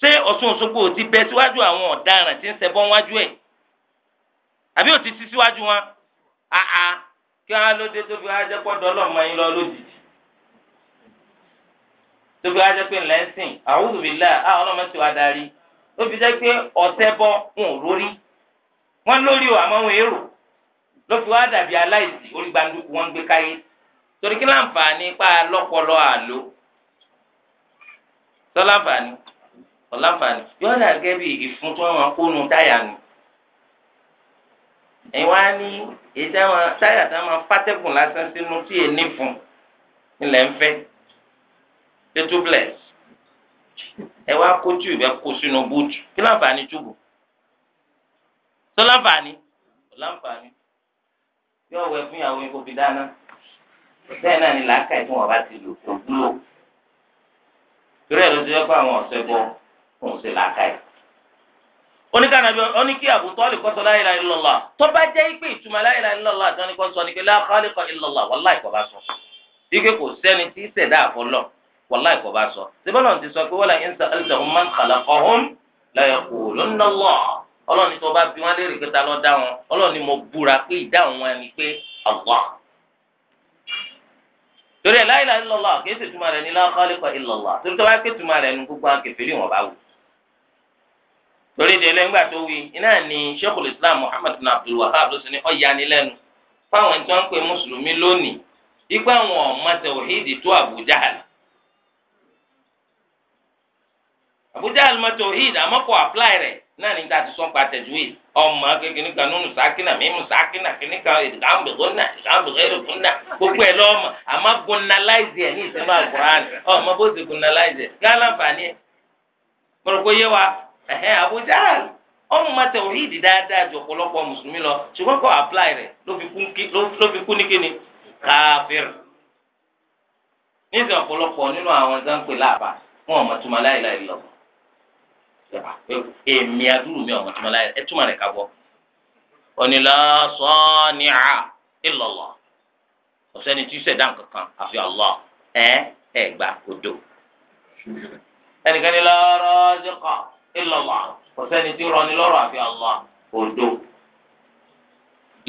ṣé Ọ̀ṣun Òṣogbo ò ti bẹ síwájú àwọn ọ̀daràn tí ń ṣẹbọ wájú ẹ̀ àbí ò ti ti síwájú wọn àà kí wọn ló dé tó fi wá jẹ́ pọ́dọ̀ ọlọ́mọ yín lọ lójijì tó fi wá jẹ́ pé ńlẹ́ ń sìn a'udhu ah, ló fi jẹ́ pé ọ̀tẹ́ bọ́ wọn ò rórí wọn lórí o àmọ́ wọn èrò ló fi wá dàbí aláìsí orí gbàndúkú wọn gbé káyé torí kí láǹfààní pa lọ́pọlọ àlò tọ́láǹfààní ọ̀láǹfààní yóò dà gẹ́gẹ́ bí ìfun tí wọ́n máa kó nu táyà nù ẹ̀yin wá ní èyí táyà tá máa fàtẹ́kùn lásán sínú tí èyí ní fún ilẹ̀ ń fẹ́ ètò bless ẹ wá kó tube ẹ kó sínú búùtù kí láǹfààní túbù tó láǹfààní kò láǹfààní yóò wẹ fún ìyàwó yín kó fi dáná bẹ́ẹ̀ náà ni làákà ìfún wọn bá ti lò kó dúró torí ẹ̀ ló ti jẹ́ pé àwọn ọ̀sẹ̀ bọ̀ kò ń ṣe làákà yìí oníkànnàbí oníkí àbùtọ́ àlùkọ́sọ la ilaha illallah tó bá jẹ́ ìpè ìtumọ̀ la ilaha illallah àti oníkọ́sọ ni pé la khaliqa illallah wallahi kò bá sọ. ike kò sẹ́ni tí sẹ̀dá wàláì kò bá sọ síbọ̀lọ̀ ti sọ pé sọ ẹlẹ́dàá man la yaqulunna Allah ọlọ́run tó bá bí wọ́n léèrè pé ta ló dá wọn ọlọ́run mo búra pé wọn ni pé torí ẹ̀ la ilaha kìí ṣe tuma rẹ̀ ní la khaliqa torí tó bá ké tuma rẹ̀ ní gbogbo àwọn wọn bá wù torí délé ńgbà tó wí iná islam àbújá àlùmọ́tò hid àmọ́kọ̀ apply rẹ̀ náà ní ta ti sọ́n pa tẹ̀júwìd ọmọ kékeré kan nínú sákínà mímú sákínà kíní kan ìdìgbàmbègbónà ìdìgbàmbègbónà gbogbo ẹ̀ lọ́mọ àmọ́ gunnaláìzì ẹ̀ ní ìsẹ́mbà kúránì ọmọ bó ti gunnaláìzì ẹ̀ gálàǹfààní ẹ̀ mọ̀rọ̀kọ yé wa ẹ̀hẹ́n àbújá ọmọ tẹ̀wìd dáadáa jọ ọ̀pọ̀lọpọ̀ mùsùlùmí lọ ṣùgbọ́n kọ́ apply rẹ̀ ló fi kú ní kíni káfíìr níbi ọ̀pọ̀lọpọ̀ nínú àwọn zanpẹ̀ láàbà wọn ò mọ̀ tuma láìláì lọ́wọ́ Ah, èmi adúrú mi ọmọ tuma láyé ẹtúmọ rẹ ká bọ onílà sọ́ọ́nìà ìlọ̀lọ̀ ọ̀sẹ́ni tí sẹ̀dá kankan àfi ọ̀lọ́ ẹ ẹ gbà kodo ẹnìkan ní lọ́rọ́ zikọ̀ ìlọ̀lọ̀ ọ̀sẹ́ni tí rọni lọ́rọ̀ àfi ọ̀lọ́ kodo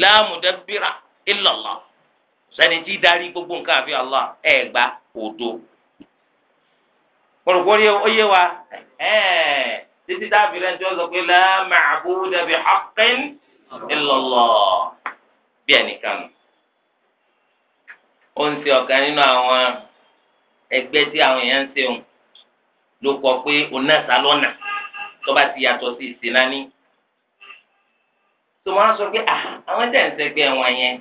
láàmùdẹ́bìrà ìlọ̀lọ̀ ọ̀sẹ́ni tí darí gbogbo nǹkan àfi ọ̀lọ́ ẹ gbà kodo kọ̀rọ̀kọ̀rọ̀ oyé wa ẹ̀ẹ́ títí dábì rẹ tí wọn sọ pé la ma'buda bi haqqin illallah bí ẹnìkan nù. ó ń ṣe ọ̀kan nínú àwọn ẹgbẹ́ tí àwọn èèyàn ń ṣeun ló kọ pé onáta lọ́nà tó bá ti yàtọ̀ sí ìsinání. tó máa ń sọ pé ah, àwọn tẹ̀ ń sẹ́gbẹ́ wọn yẹn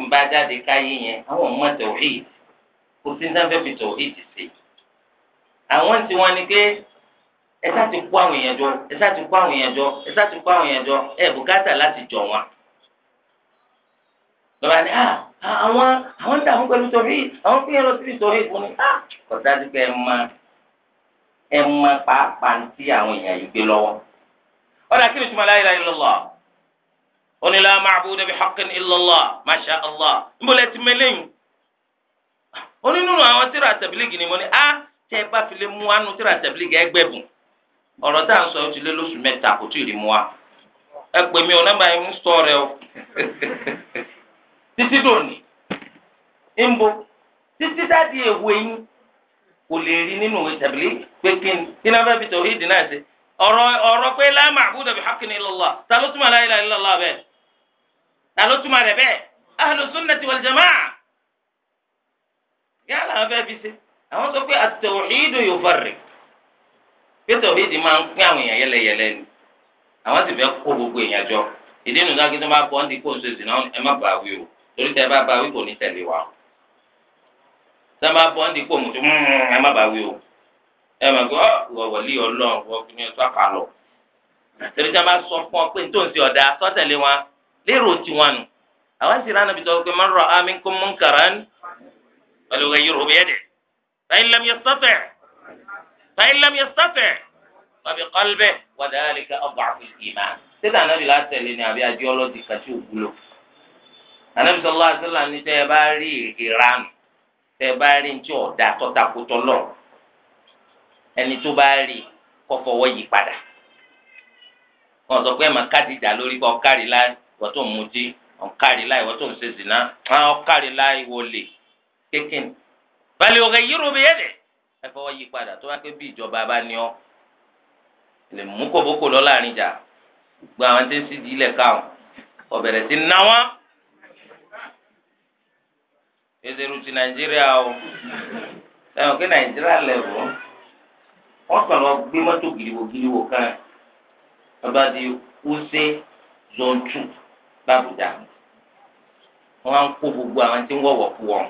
ń bá jáde káyé yẹn àwọn ọmọ tẹ̀ kò sí ní sáfẹ́ fi tẹ̀ ti sè. àwọn tiwọn ni pé ẹ sá ti kó àwọn èèyàn jọ ẹ sá ti kó àwọn èèyàn jọ ẹ sá ti kó àwọn èèyàn jọ ẹ bùkátà láti jọ wọn. lọ́ba ni ah, ah, àwọn àwọn ń dààmú pẹ̀lú sọ̀rí àwọn fi hàn lọ síbi sọ̀rí ìfún ni ọ̀dà ti kẹ́ ẹ mọ ẹ mọ pàápàá ti àwọn èèyàn yìí gbé lọ́wọ́. ọ̀dà kí ni túmọ̀ la ilaha illallah onílà ma'buda bihaqqin illallah masha Allah nbọ̀lẹ̀ ti mẹ́lẹ́yìn onínú àwọn tíra tẹ̀bílígì ni mo ní a ah, tẹ́ ẹ bá fi lè mú anú tíra tẹ̀bílígì ẹgbẹ́ bùn. ọ̀rọ̀ tá a sọ ti lé lóṣù mẹ́ta kò mu wa ẹ pè mí o ń sọ rẹ o [LAUGHS] títí dòní ń títí dáàdi èwe yín kò lè rí nínú ìwé pé kí ni kí náà fẹ́ fi tòhí dì náà ṣe ọ̀rọ̀ ọ̀rọ̀ pé la ma'buda bi hakini illallah ta ló túmọ̀ ta ló túmọ̀ rẹ̀ bẹ́ẹ̀ ahlu pété òbí ti máa ń pín àwọn èèyàn yẹlẹyẹlẹ ni àwọn sì fẹ́ kó gbogbo èèyàn jọ ìdí nu dákítọ́ bá bọ́ ndí kó oṣooṣù náà ẹ má bàa wí o torí tẹ bá bàa wí kò ní tẹ̀lé wa o tẹ bá bọ́ ndí kó mùtú mm, ẹ má bàa wí o ẹ má gbọ́ wọ̀wọ̀lì ọlọ́run wọ́n fi ní ọtọ́ àkàlọ́ torí tẹ bá sọ fún ọ pé tó ń ṣe ọ̀dà sọ́tẹ̀lé wa lérò tiwọn nù àwọn sì rán abidjan pé fàyín lẹ́mí sátẹ̀ wàbí kọ́lbẹ̀ wàdà àlìkà ọ̀bà ìmà. sídà anábì látẹ̀lé ni àbí ajé ọlọ́dì kàtí òwúlò. anábì sọlá àṣìlá ní tẹ́ ẹ bá rí ìranù tẹ́ ẹ bá rí ní tí ọ̀dà tọ́takótọ́ lọ ẹni tó bá rí kó fọwọ́ yí padà. wọn sọ pé ẹ máa kádìjà lórí kọ́ kárí láì wọ́n tó ń mutí ọ̀kárí láì wọ́n tó ń ṣe zìnà ọ̀kárí láì wọlé kékin. balẹ̀ òkè yírò bẹ́ẹ̀ dẹ̀ ẹ fọwọ́ yí padà tó wá pé bí ìjọba bá ní ọ lè mú kòbókò lọ láàrin jà gba àwọn tí ń sì di ilẹ̀ káwọn ọ̀bẹ̀rẹ̀ sí ná wọn. ezeru ti nàìjíríà o sẹ́wọ̀n kí nàìjíríà lẹ̀ wọ́ wọ́n kàn lọ gbé mọ́tò gìrìwò gìrìwò kan ọba di wúsẹ́ zọ́ọ̀tù làbújá wọ́n á kó gbogbo àwọn tí ń wọ̀wọ̀ kú wọn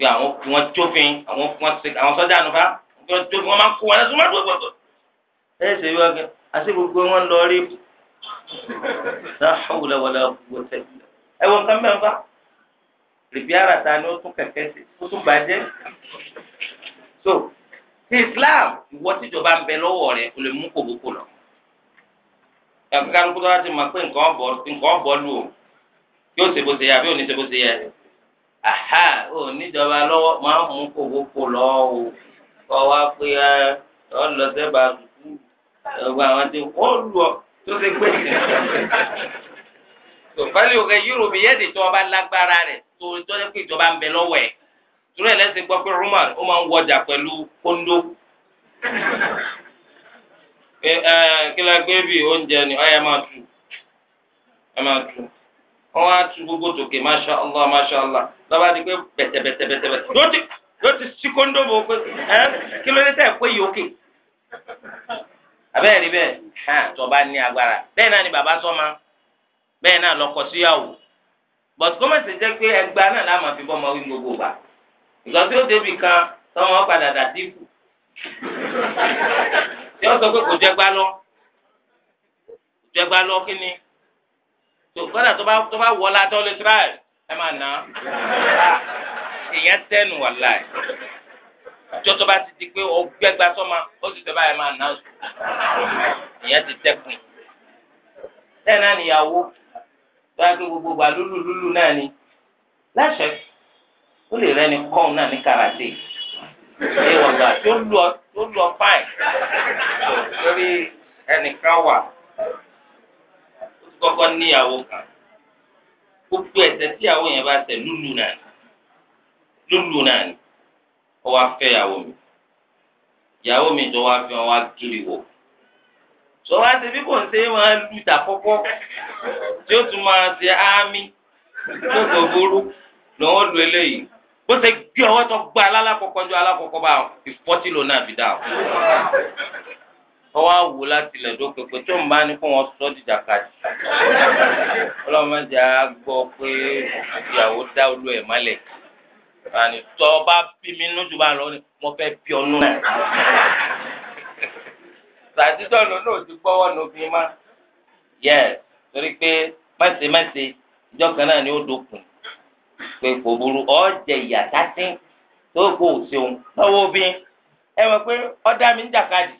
pé àwọn kí wọ́n jófin àwọn kí wọ́n sèk àwọn sọ́jà ànúfà kí wọ́n jófin wọ́n máa kó wọn lẹ́sùn máa dúró gbogbo. ẹ ṣe wá gẹ àti gbogbo wọn lọ rí ṣáàwùlẹ̀ wọlé gbogbo tẹ̀lé ẹ wọ nǹkan mẹ́rin fa rìbí ara ta ni ó tún kẹ̀kẹ́ sí ó tún bàjẹ́ so ti Islam ìwọ tíjọba ń bẹ lọ́wọ́ rẹ̀ kò lè mú kòbókò lọ kankan kó tó wá ti mọ̀ pé nǹkan ọ̀bọ̀ lù ó yóò ṣe bó ṣe yẹ àbí ò ní ṣe bó aha o níjọba lọ́wọ́ máa ń mú kòkókò lọ́wọ́ o kọ́ wa pé ọ lọ sẹ́bàá sùkúù ọgbà àwọn tí wọ́n lù ọ tó ti pé tòfẹ́lì òkè yúròpù yẹ́ ti tọ́ ọba lágbára rẹ̀ tó tó yẹ kó ìjọba ń bẹ lọ́wọ́ ẹ̀ túrẹ̀ lẹ́sìn gbọ́ pé Roman ó máa ń wọjà pẹ̀lú kóńdó kí la gbé bí oúnjẹ ni ọ̀ya máa tù ẹ máa tù. ọwọ́ atu gbogbo tòkè masha allah masha allah lọ́ba di pé bẹ̀tẹ̀bẹ̀tẹ̀bẹ̀tẹ̀ yóò ti yóò ti sí bò pé ẹ kí ló tẹ̀ pé abẹ́rẹ́ bẹ́ẹ̀ hàn tọ́ba ní agbára bẹ́ẹ̀ náà ni bàbá sọ́ma bẹ́ẹ̀ náà ọmọ wí gbogbo wa ìgbà tí ó débi kan tọ́wọ́n padà dà tí ó sọ pé kò jẹ́ tó kọ́dà tó bá tó bá wọlá tó lè tíra ẹ̀ ẹ máa nà á ìyẹn tẹ́nu wà láì ìjọ tó bá ti di pé ọgbẹ́gba sọ́ma ó sì tẹ́ báyìí máa nà á sùn ìyẹn ti tẹ́kùn bẹ́ẹ̀ náà nìyàwó tó yà kí gbogbo gbà lúlù lúlù náà ni láṣẹ ó lè rẹ́ni kọ́ọ̀n náà ní karate ṣé wọ́n gbà tó lù ọ fáìn torí ẹnìkan wà kọ́kọ́ níyàwó kan gbogbo ẹ̀ṣẹ̀ tíyàwó yẹn bá ṣẹ̀ lúlù náà lúlù náà ni ó wá fẹ́ yàwó mi yàwó mi tó wá fi wá kiri wò tó wá ṣe bí kò ń ṣe máa lu ìta kọ́kọ́ tí ó tún máa ṣe áámi tó kò burú lòun lu eléyìí bó ṣe gbé ọwọ́ tó gbá alálàkọ́kọ́ ju alákọ̀ọ́kọ́ bá ìfọ́tí lò náà fi dá o ọwọ́ àwò láti ilẹ̀ dókè pé tó ń bá ní kó wọn sọ dìjà kadì ọlọ́mọdé á gbọ́ pé ìyàwó dá olú ẹ̀ mọ́lẹ̀ àní tó bá bí mi nínú jù bá lọ ni mo fẹ́ bí ọ nù. sàtítọ́ ló náà ti gbọ́wọ́ ní obìnrin má yẹ torí pé mẹ́sẹ̀mẹ́sẹ̀ ìjọ kan náà ni ó dókun pé kò burú ọ́ jẹ ìyà tásín tó kò ṣeun lọ́wọ́ obìnrin ẹ mọ̀ pé ọ̀dà mi ń jà kadì.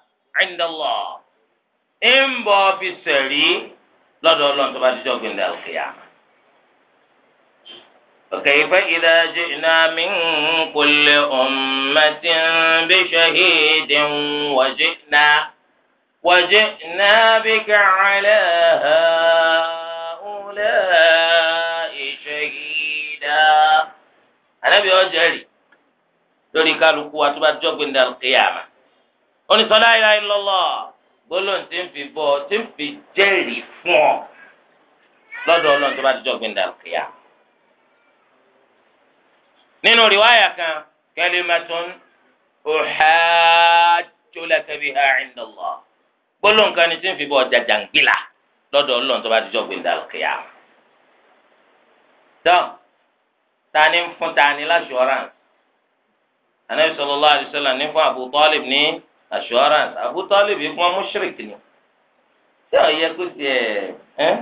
ẹ̀ńdọ́lọ́ ń bọ̀ fi sẹ̀rí lọ́dọ̀ ọlọ́run tó bá ti jọ́ gbìndà òkèèyà. فكيف إذا جئنا من كل أمة بشهيد وجئنا وجئنا بك على هؤلاء شهيدا أنا بيوجري لوري قالوا قوة تبات عند القيامة onísọlá ilaha illallah gbólóhùn tí ń fi bọ tí ń fi jẹ́rìí fún ọ lọ́dọ̀ Ọlọ́run tó bá ti jọ gbẹndà kìá nínú rìwáyà kan kalimatun uhajju laka biha inda Allah gbólóhùn kan ni tí ń fi bọ jàjàngbìlà lọ́dọ̀ Ọlọ́run tó bá ti jọ gbẹndà kìá dán tani ń fún tani láṣọ ọ̀ràn Ànábì sallallahu alaihi wasallam ní fún Abu Talib ní assurance Abu Talib kún mushrik ni tí ò yẹ kó tiẹ̀ ẹ́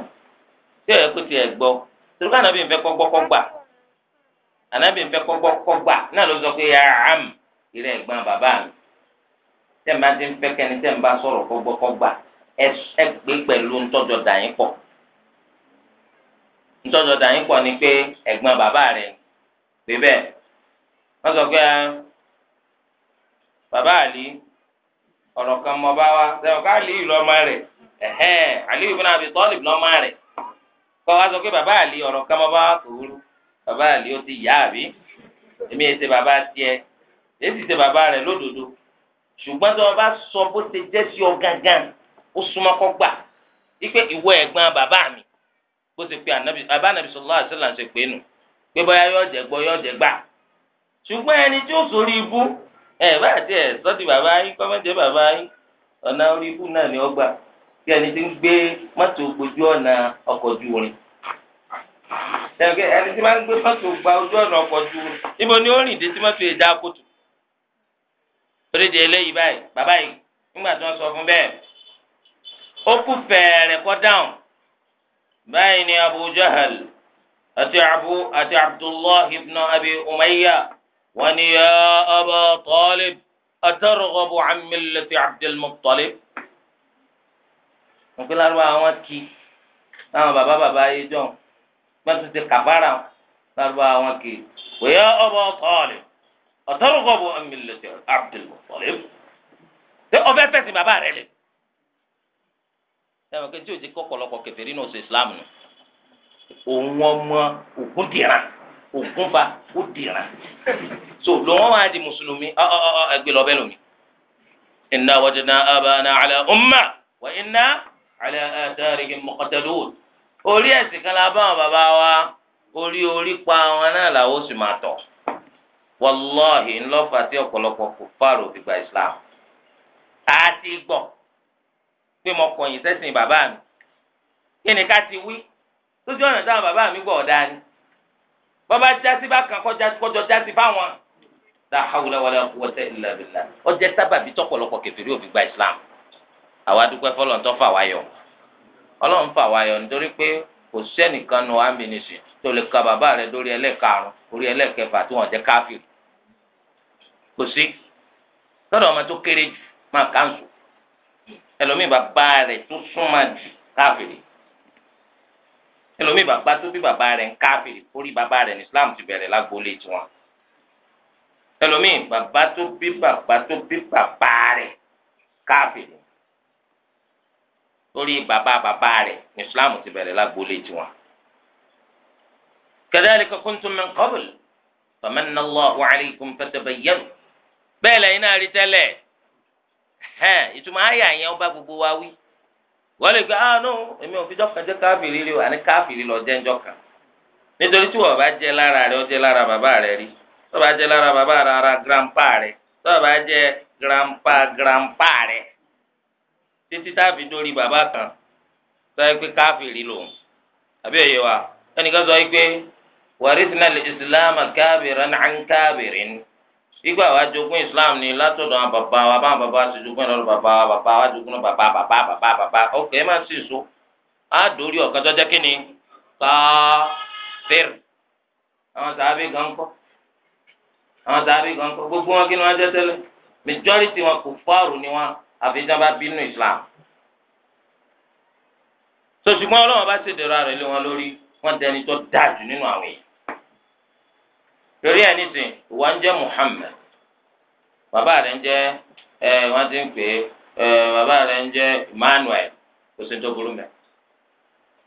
tí ò yẹ kó tiẹ̀ gbọ́ torí ká anabi nfẹ́ kọ́ gbọ́ kọ́ gbà anabi nfẹ́ kọ́ gbọ́ kọ́ gbà náà ló sọ pé ya am ìrẹ́ ẹ̀gbọ́n bàbá mi tẹ̀ máa ti ń fẹ́ kẹ́ni tẹ̀ ń bá sọ̀rọ̀ kọ́ gbọ́ kọ́ gbà ẹ gbé pẹ̀lú ntọ́jọ́ dàyín pọ̀ ntọ́jọ́ dàyín pọ̀ ni pé ẹ̀gbọ́n bàbá rẹ̀ pé bẹ́ẹ̀ wọ́n sọ pé ah, bàbá àlì ọ̀rọ̀ mọ bá wa sẹ́wọ̀n ká àlè ìlú ọmọ rẹ̀ ẹ̀hẹ́n àlè ìlú náà fi tọ́lì sọ pé bàbá àlè ọ̀rọ̀ mọ bá bàbá àlè ó ti yá àbí èmi ẹ̀ bàbá tiẹ̀ èsì ṣe bàbá lódodo ṣùgbọ́n tí wọ́n bá sọ bó ṣe jẹ́ sí ọ gbà wípé ìwọ ẹ̀gbọ́n bàbá mi bó bàbá ṣe nù pé ẹ bá àti ẹ sọtì bàbá yín kọ́mẹ́jẹ bàbá yín ọ̀nà orí ikú náà ni ó gbà kí ẹni tí ń gbé mọ́tò ojú ọ̀nà ọkọ̀ ojú irin tẹ̀wé ẹni tí máa ń gbé mọ́tò gba ojú ọ̀nà ọkọ̀ ojú irin ni ó rìn dé tí mọ́tò èdè akoto oríṣi eléyìí báyìí bàbá yìí nígbà tí wọ́n sọ fún bẹ́ẹ̀ ó kú fẹ̀ẹ̀rẹ̀ kọ́ dáhùn ni Abu Jahal àti Abu àti Abdullahi ibn Abi Umayya. wọ́n ní ya Aba Talib atarghabu an millati Abdul Muttalib. nǹkan lárúbá wọn kí táwọn bàbá bàbá yìí jọ wọn tún ti kàbára lárúbá wọn kí wọ́n ya Aba Talib atarghabu an millati ṣé ọbẹ̀ fẹ̀sìn bàbá rẹ̀ lè ẹ̀wọ̀n kejì ò ti kọ́ ọ̀pọ̀lọpọ̀ kẹfẹ́ nínú oṣù Islam nù òun ọmọ ògùn dìran ògúnba ó dìran so lòun wà di mùsùlùmí ọ ọ ọ ẹgbẹ lọ bẹ lómi. inna wajadna abana ala umma wa inna ala atharihim muqtadun orí ẹ̀sìn kan la bá wọn bàbá wa orí orí pa wọn náà làwọn ó sì máa tọ̀ wàláhì ńlọ́fà tí ọ̀pọ̀lọpọ̀ kò fàrò fìgbà islam tá ti gbọ́ pé mo kọ̀yìn sẹ́sìn bàbá mi kí ni ká ti wí lójú ọ̀nà táwọn bàbá mi gbọ́ ọ̀dá bàbá jásí bá kàn kọjọ jásí fáwọn. la hawla wala quwwata illa billah ọjẹ sábàbí tọpọlọpọ kẹfìrí òfin gba islam àwa dúpẹ́ fọlọ́n tó fà wá yọ ọlọ́run fà wá yọ nítorí pé kò sẹ́nìkan nu our ministry tó lè ka bàbá rẹ lórí ẹlẹ́ẹ̀karùn orí ẹlẹ́ẹ̀kẹfà tí wọ́n jẹ́ káfíìn kò sí lọ́dọ̀ ọmọ tó kéré jù máa kánṣu ẹlòmíì bàbá rẹ tó súnmọ́ jù káfíìn ẹlòmíì bàbá tó bí bàbá rẹ̀ ń káfìrì orí bàbá rẹ̀ ní islam ti bẹ̀rẹ̀ lágbólé tiwọn ẹlòmíì bàbá tó bí bàbá tó bí bàbá rẹ̀ káfìrì orí bàbá bàbá rẹ̀ ní islam ti bẹ̀rẹ̀ lágbólé tiwọn. kadhalika kuntum min qabl famanna Allahu alaykum fatabayyanu bẹ́ẹ̀ lẹ́yìn náà rí tẹ́lẹ̀ ìtumọ̀ ayé àyẹ̀ ọba gbogbo wa wí wọ́n lè gbé àánú ah, èmi ò fi jọ́ka jẹ́ káfìrí rí o àní káfìrí lọ jẹ́ njọ́ kan nítorí tí wọ́n bá jẹ́ lára rẹ ó jẹ́ lára bàbá rẹ rí tó bá jẹ́ lára bàbá rẹ ara grandpa rẹ tó bá jẹ́ grandpa grandpa rẹ títí táàbí dórí bàbá kan sọ pé káfìrí lòun àbí òye wa ẹnìkan sọ pé wàrísìnà islam kábìrín án kábìrín igba wa jogún islam ni látọ̀dọ̀ àwọn bàbá wa báwọn bàbá ti jogún lọ́dọ̀ bàbá wa bàbá wa jogún lọ́dọ̀ bàbá bàbá bàbá bàbá ok ẹ máa sì so á dórí ọ̀kan tó jẹ́ kí ni káfíìr àwọn sàábì gan kọ́ àwọn sàábì gan kọ́ gbogbo wọn kí ni wọ́n jẹ́ tẹ́lẹ̀ majority wọn kò fáàrù ni wọn àfi bínú islam so ṣùgbọ́n ọlọ́wọ́n bá ṣèdèrò àrẹ̀lẹ̀ wọn lórí wọ́n dẹni tó dáa jù nínú àwọn èèyàn torí ẹ nísìn wọn ń muhammed Muhammad bàbá rẹ̀ ń jẹ́ ẹ ti ń pè é ẹ bàbá ń Emmanuel kò sí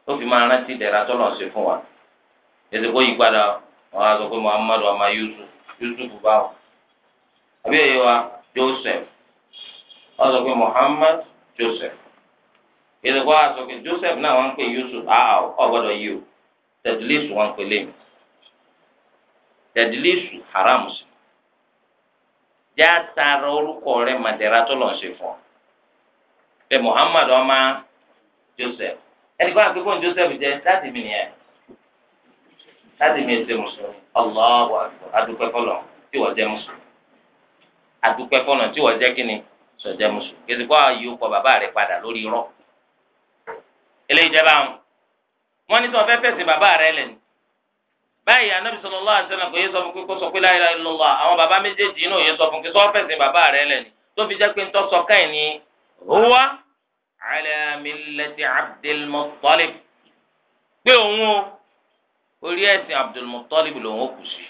ó fi máa rántí ìdẹ̀ra tó lọ sí fún wa ètò Muhammadu ọmọ Yusuf Yusuf báwo àbí Joseph wọn sọ Muhammad Joseph ètò kó Joseph náà wọn ń pè Yusuf àá ọ gbọdọ yí o tẹ̀lé wọn ń pè tẹ̀dílẹ́sù haram sí jẹ́ àtàrà ọrụkọ rẹ̀ màdẹ́ra tó lọ́n ṣe fún Muhammad Joseph ẹnì akwụkwọ àpékò Joseph jẹ láti mi nìyẹn láti mi ṣe mùsùlùmí padà lórí eléyìí báyìí anabi sallallahu alaihi wasallam kò yẹ sọ fún kíkó sọ pé la ilaha illallah àwọn baba méjèèjì inú yẹ sọ fún kíkó fẹsẹ̀ bàbá rẹ lẹ́ni tó fi jẹ́ pé ntọ́ sọ káyìn ni huwa ala millati Abdul Muttalib pé òun o orí ẹ̀sìn Abdul Muttalib lòun ó kù sí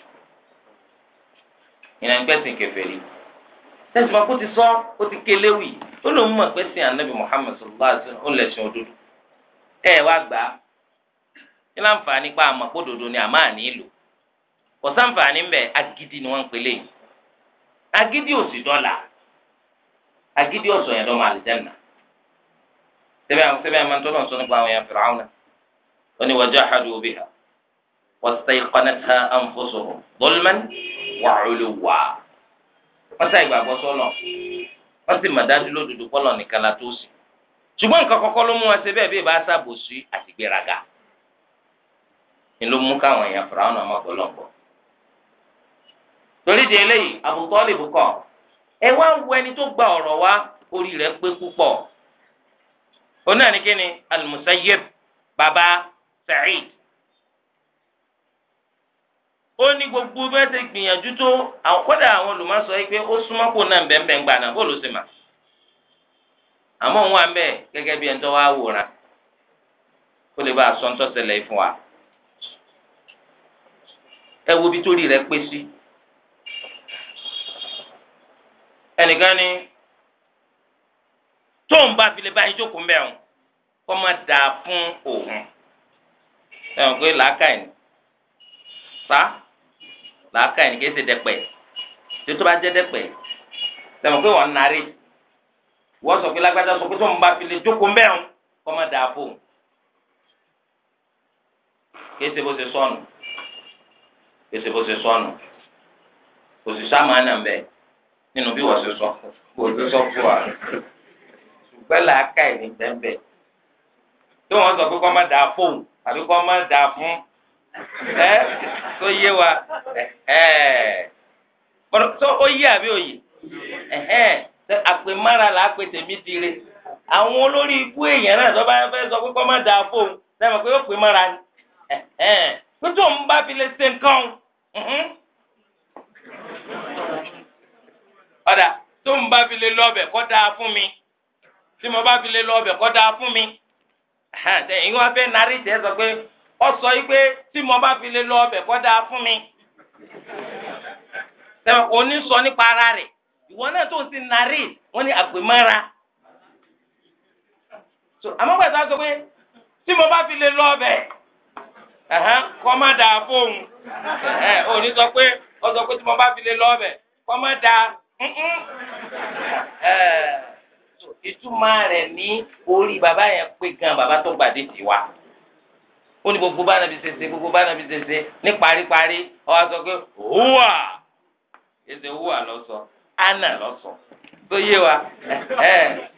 ìnáwó gbẹ̀sìn kèfèrí tẹsí ma kó ti sọ ó ti ké léwì ó lòun mọ̀ pé anabi Muhammad sallallahu alaihi wasallam ó lẹ̀sìn òdodo ẹ wá gbà ní láǹfààní pa àmọ́ kódodo ni àmọ́ àní lò kò sáǹfààní ń bẹ agídí ni wọ́n ń pelé yìí agídí ò sì dọ́là agídí ọ̀sọ̀ yẹn lọ́mọ àlìjẹ́nà sẹ́bẹ̀ àwọn sẹ́bẹ̀ àmọ́ tọ́lọ̀ sọ nípa àwọn èèyàn Fir'auna ó ní wajahadu biha wastayqanatha anfusuhum zulman wa 'uluwwa wọ́n sá ìgbàgbọ́ sọ́lọ̀ wọ́n sì mà dájú lódodo pọ́lọ̀ nìkan la tó sì ṣùgbọ́n nǹkan kọ́kọ́ ló mú wọn ṣe bẹ́ẹ̀ bí ìbá sábòsí ni ló mú káwọn èèyàn fìràwọn náà mọ̀gbọ́ torí di eléyìí Abu Talib kọ̀ ẹ wá ń wo ẹni tó gba ọ̀rọ̀ wá orí rẹ̀ pé púpọ̀ onáà ní kíni al baba Sa'id ó ní gbogbo bẹ́ẹ̀ ti gbìyànjú tó àkọ́dà àwọn olùmọ̀sọ yìí pé ó súnmọ́ kó náà bẹ́ẹ̀ gbà náà bó ló ṣe mà àmọ́ òun wà ń bẹ̀ gẹ́gẹ́ bí ẹni tó wá wòran kó lè bá a sọ ń tọ́sẹ̀lẹ̀ fún wa ẹ wo bí torí rẹ pé sí. ẹnìkan ni tóun bá fi lè bá yín jókòó mẹ́rin kọ́ máa dà fún òun ẹ̀wọ̀n pé làákàyè ni sá làákàyè ni kì í ṣe dẹ́pẹ̀ tí tó bá jẹ́ dẹ́pẹ̀ ẹ̀wọ̀n pé wọ́n nàárẹ̀ wọ́n sọ pé lágbájá sọ pé tóun bá fi lè jókòó mẹ́rin kọ́ máa dà fún òun kì í ṣe bó ṣe sọnù èsì bó ṣe sọnù òṣìṣẹ́ àmàna mbẹ nínú bí wọ́n ṣe sọ kò tó sọ fún wa ṣùgbọ́n làákà ẹ̀ ní tẹ́ńbẹ̀ tí wọ́n sọ pé kọ́ má dàá fóun àbí kọ́ má dàá fún ẹ tó yé wa ẹ tó ó yé àbí òye àpèmára là á pè tèmi dire àwọn olórí ikú èèyàn náà tó bá fẹ́ sọ pé kọ́ má dàá fóun sẹ́wọ̀n pé ó pè mára ni pé tó ń bá fi lè ṣe nǹkan o. ọ̀dà tó ń bá fi lọ lọ́ọ̀bẹ̀ kọ́ dáa fún mi tí mo bá fi lọ lọ́ọ̀bẹ̀ kọ́ dáa fún mi ẹ̀yin wá fẹ́ narí jẹ́ sọ pé ọ sọ yìí pé tí mo bá fi lọ kọ́ dáa fún mi sọ nípa ara rẹ̀ ìwọ náà tó ń sin narí àmọ́ sọ pé tí mo bá fi ẹ ò ní sọ pé ọ sọ pé tí mo bá fi lè lọ ọbẹ̀ kọ́ mọ́ da ìtumọ̀ rẹ̀ ní orí bàbá yẹn pé gan bàbá tó gbàdé tiwa ó ní gbogbo bá nàbí sese gbogbo bá nàbí sese ní paríparí ọ wá sọ pé hùwà èsè hùwà lọ sọ ánà lọ sọ tó yé wa ẹ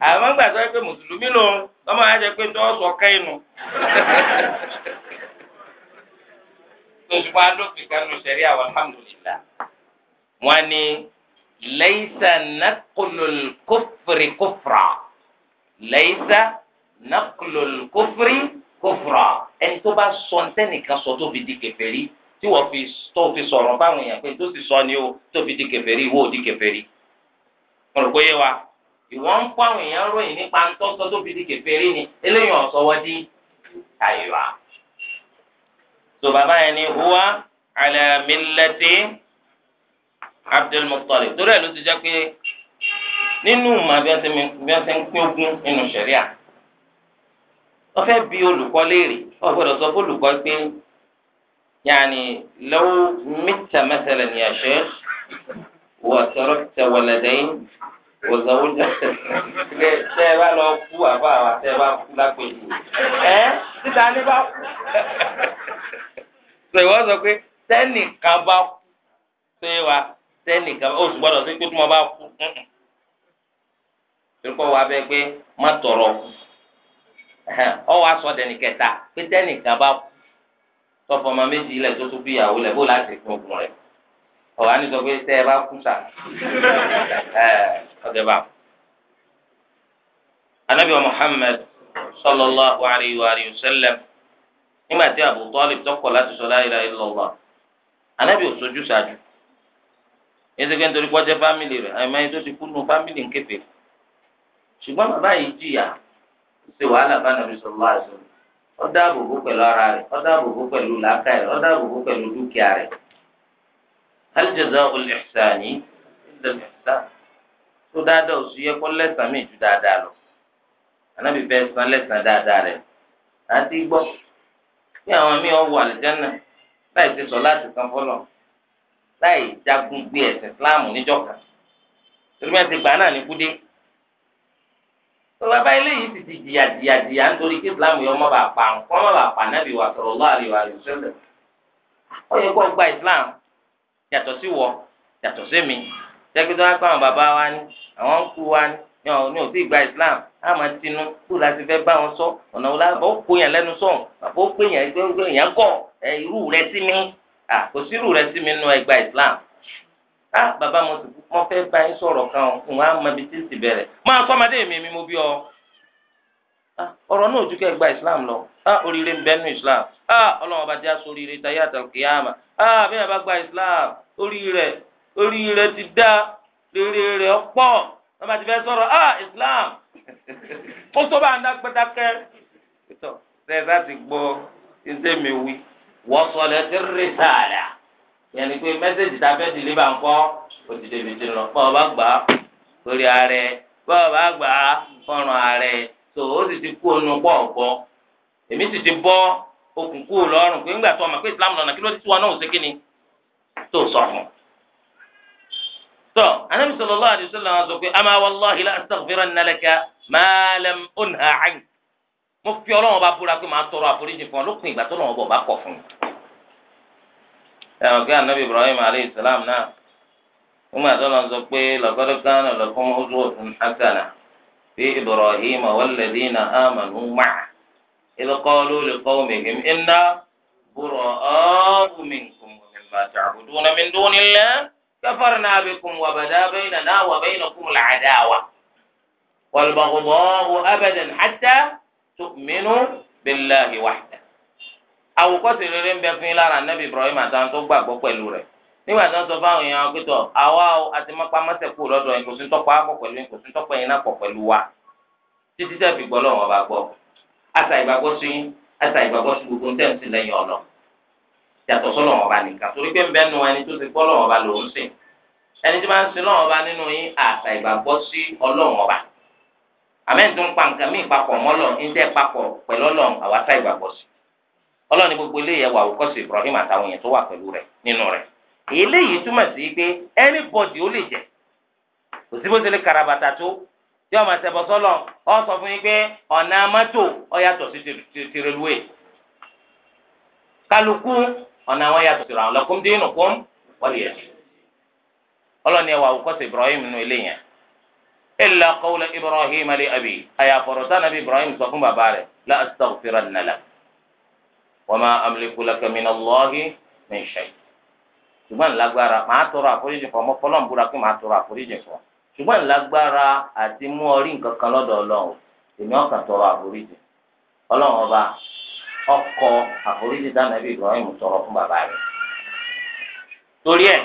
àmọ́ gbàgbọ́ pé mùsùlùmí lòun lọ́mọ ajẹ́ pé ń tọ́ sọ kẹ́yìn nù sọsùpá lófin kan ló ṣẹlẹ̀ àwọn alhamdulilá wọn ni lẹyìísà nàkùlùl kófìrí kófìrà lẹyìísà nàkùlùl kófìrí kófìrà ẹni tó bá sọ ntẹnìkan sọ tó fi di kèfèrí tí wọ́n fi tó fi sọ̀rọ̀ báwọn èèyàn pé tó sì sọ ni o tó fi di kèfèrí ìwọ di kèfèrí mo rò pé yé wa ìwọ ń kó àwọn èèyàn ròyìn nípa ntọ́sọ tó fi di kèfèrí ni eléyìí ọ̀sọ́wọ́ di àyíwá so bàbá yẹn ni huwa ala millati Abdul Muttalib torí ẹ̀ ló ti jẹ́ pé nínú ìmọ̀ bí wọ́n ti ń pín ogún nínú ṣẹ̀ríà wọ́n fẹ́ bi olùkọ́ léèrè wọ́n gbọ́dọ̀ sọ fún olùkọ́ pé yàní law mitta mathalan ya shaykh wa tarakta waladayn wa zawjatan tẹ́ ẹ bá lọ kú àbá wa tẹ́ bá kú lápẹ̀jù ẹ́ títa ní bá kú tó ìwọ sọ pé tẹ́nìkan bá kú tó yẹ wa tẹ́nìkan ó sì gbọ́dọ̀ sí pé tí mo bá kú torípọ̀ wà bẹ́ẹ̀ pé má tọrọ ọ wá sọ dẹni kẹta pé tẹ́nìkan bá kú tọfọ ọmọ méjì ilẹ̀ tó tún bí ìyàwó lẹ̀ bó láti fún ogun rẹ̀ ọ̀hán ni sọ pé tẹ́ ẹ bá kú sà ọ̀gẹ̀ [LAUGHS] bá. anabi wa muhammad sallallahu alayhi wa sallam nígbà tí Abu Talib tọkọ láti sọ la ilaha illallah anábì òṣojú ṣáájú ezeke nítorí pé ọjọ́ fámìlì rẹ̀ àmọ́ ẹni tó ti kú nu fámìlì ń képe ṣùgbọ́n bàbá yìí jìyà ṣe wàhálà bá nàbí sallallahu alaihi wasallam ó dáàbò bò pẹ̀lú ara rẹ̀ ó dáàbò bò pẹ̀lú làákàyè ó dáàbò bò pẹ̀lú dúkìá rẹ̀ hal jazaa'ul ihsani illa al-ihsan tó lọ ní àwọn míì ọwọ́ àlìjánà láì ti sọ láti kan fọlọ láì jagun gbé ẹsẹ fúlàmù níjọ kan torí wọn ti gbà náà ní kúdé tọ́lábá eléyìí ti di jìyà jìyà jìyà nítorí kí islam yọ ọmọ bá pa nǹkan ọmọ bá pa nábì wa sallallahu alaihi wa sallam ó yẹ kó gba islam yàtọ̀ sí wọ yàtọ̀ sí mi jẹ́ pé tó wá pa àwọn bàbá wa ni àwọn ń kú wa ni ní ọ ní òsì gba islam á máa tinú kó láti fẹ́ bá wọn sọ ọ̀nà wo lábọ̀ ó kó yàn lẹ́nu sọ̀n àbó pé yàn gbé yàn gọ̀ ẹ irú rẹ sí mi à kò sí irú rẹ sí mi nù ẹ islam á bàbá mo sì mọ fẹ́ bá yín sọ̀rọ̀ kan ò á mọ ibi tí ń sì bẹ̀rẹ̀ máa sọ ọmọdé mi mi mo bí ọ ọ̀rọ̀ náà ojú kẹ́ gba islam lọ oríire ń bẹ́nu islam ọlọ́run bá já sóríire tayé àtàkìyàmà bẹ́ẹ̀ bá gba islam oríire oríire ti dá rere rẹ̀ ọ̀pọ̀ wọ́n bá ti fẹ́ sọ̀rọ̀ ah islam ó tó bá ń dá pẹ́tàkẹ́ tó ṣe é láti gbọ́ iṣẹ́ mi wí wọ́n sọ lẹ́ ti rí sàlà yẹn ni pé mẹ́sẹ̀jì tá a fẹ́ dìlé bá ń kọ́ òdìdè mi ti rán bọ́ọ̀ bá gbà á lórí ààrẹ bọ́ọ̀ bá gbà á fọ́ràn ààrẹ tó o sì ti kú onú pọ̀ ọ̀gbọ́ èmi sì ti bọ́ okùn kú lọ́rùn pé ńgbà tó ọmọ pé islam lọ́nà kí ló ti tú ọ náà ò sí kíni tó sọ fún un tọ anabi sallallahu alaihi wasallam sọ pé ama wàllahi la astaghfiranna laka ma lam unha ank mo fi Ọlọ́run bá búra pé màá tọrọ àforíjì fún ọ lópin ìgbà tó lọ́wọ́ bọ̀ bá kọ̀ fún un. ẹ̀rọ pé anabi ibrahim aleyhi salam náà ọmọ àtọ́nà sọ pé laqad kana lakum uswatun hasanah fi ibrahim walladhina amanu ma'a idh qalu liqawmihim inna bura'a'u minkum wa mimma ta'buduna min dunillah. كفرنا بكم وبدا بيننا وبينكم العداوة والبغضاء أبدا حتى تؤمنوا بالله وحده àwòkọ́ sì rere ń bẹ fún yín lára nẹ́bí Ibrahim àtàwọn tó gbàgbọ́ pẹ̀lú rẹ̀ nígbà tó ń sọ fáwọn èèyàn pé tọ àwa o àti mọ́pámọ́sẹ̀ kú lọ́dọ̀ yín kò sí tọ́pọ̀ akọ pẹ̀lú yín kò sí tọ́pọ̀ yàtọ̀ sọ́lọ̀ ọba nìkan torí pé nbẹ nu ẹni tó ti ọba lòún sìn ẹni tí eni ń sin lọ́wọ́ ọba nínú yín àṣà ìgbàgbọ́ sí ọlọ́wọ́ ọba àmẹ́ni tó ń pa nǹkan míì papọ̀ mọ́lọ̀ ń tẹ́ papọ̀ pẹ̀lú ọlọ́run ìgbàgbọ́ sí ọlọ́run ní gbogbo wà òkọ́ sí Ibrahim àtàwọn tó wà ọ̀nà àwọn yàtọ̀ síra àwọn lakum dinukum waliya din ọlọ́ni ẹ̀wà àwòkọ́sẹ̀ Ibrahim nù eléyàn illa qawla Ibrahim li abi àyàfọ̀rọ̀ sànàbí Ibrahim sọ fún bàbá rẹ̀ la astaghfiranna lak wa ma amliku laka min Allahi min shay ṣùgbọ́n ńlágbára màá tọrọ àforíjì fún ọmọ fọlọ́n búra pé màá tọrọ àforíjì fún ọ ṣùgbọ́n ńlágbára àti mú ọrí nǹkan kan lọ́dọ̀ ọlọ́run èmi ọkàn tọrọ àforíjì ọlọ́run ọba ọkọ àforíjì dánàbí Ibrahim sọ̀rọ̀ fún bàbá rẹ̀ torí ẹ̀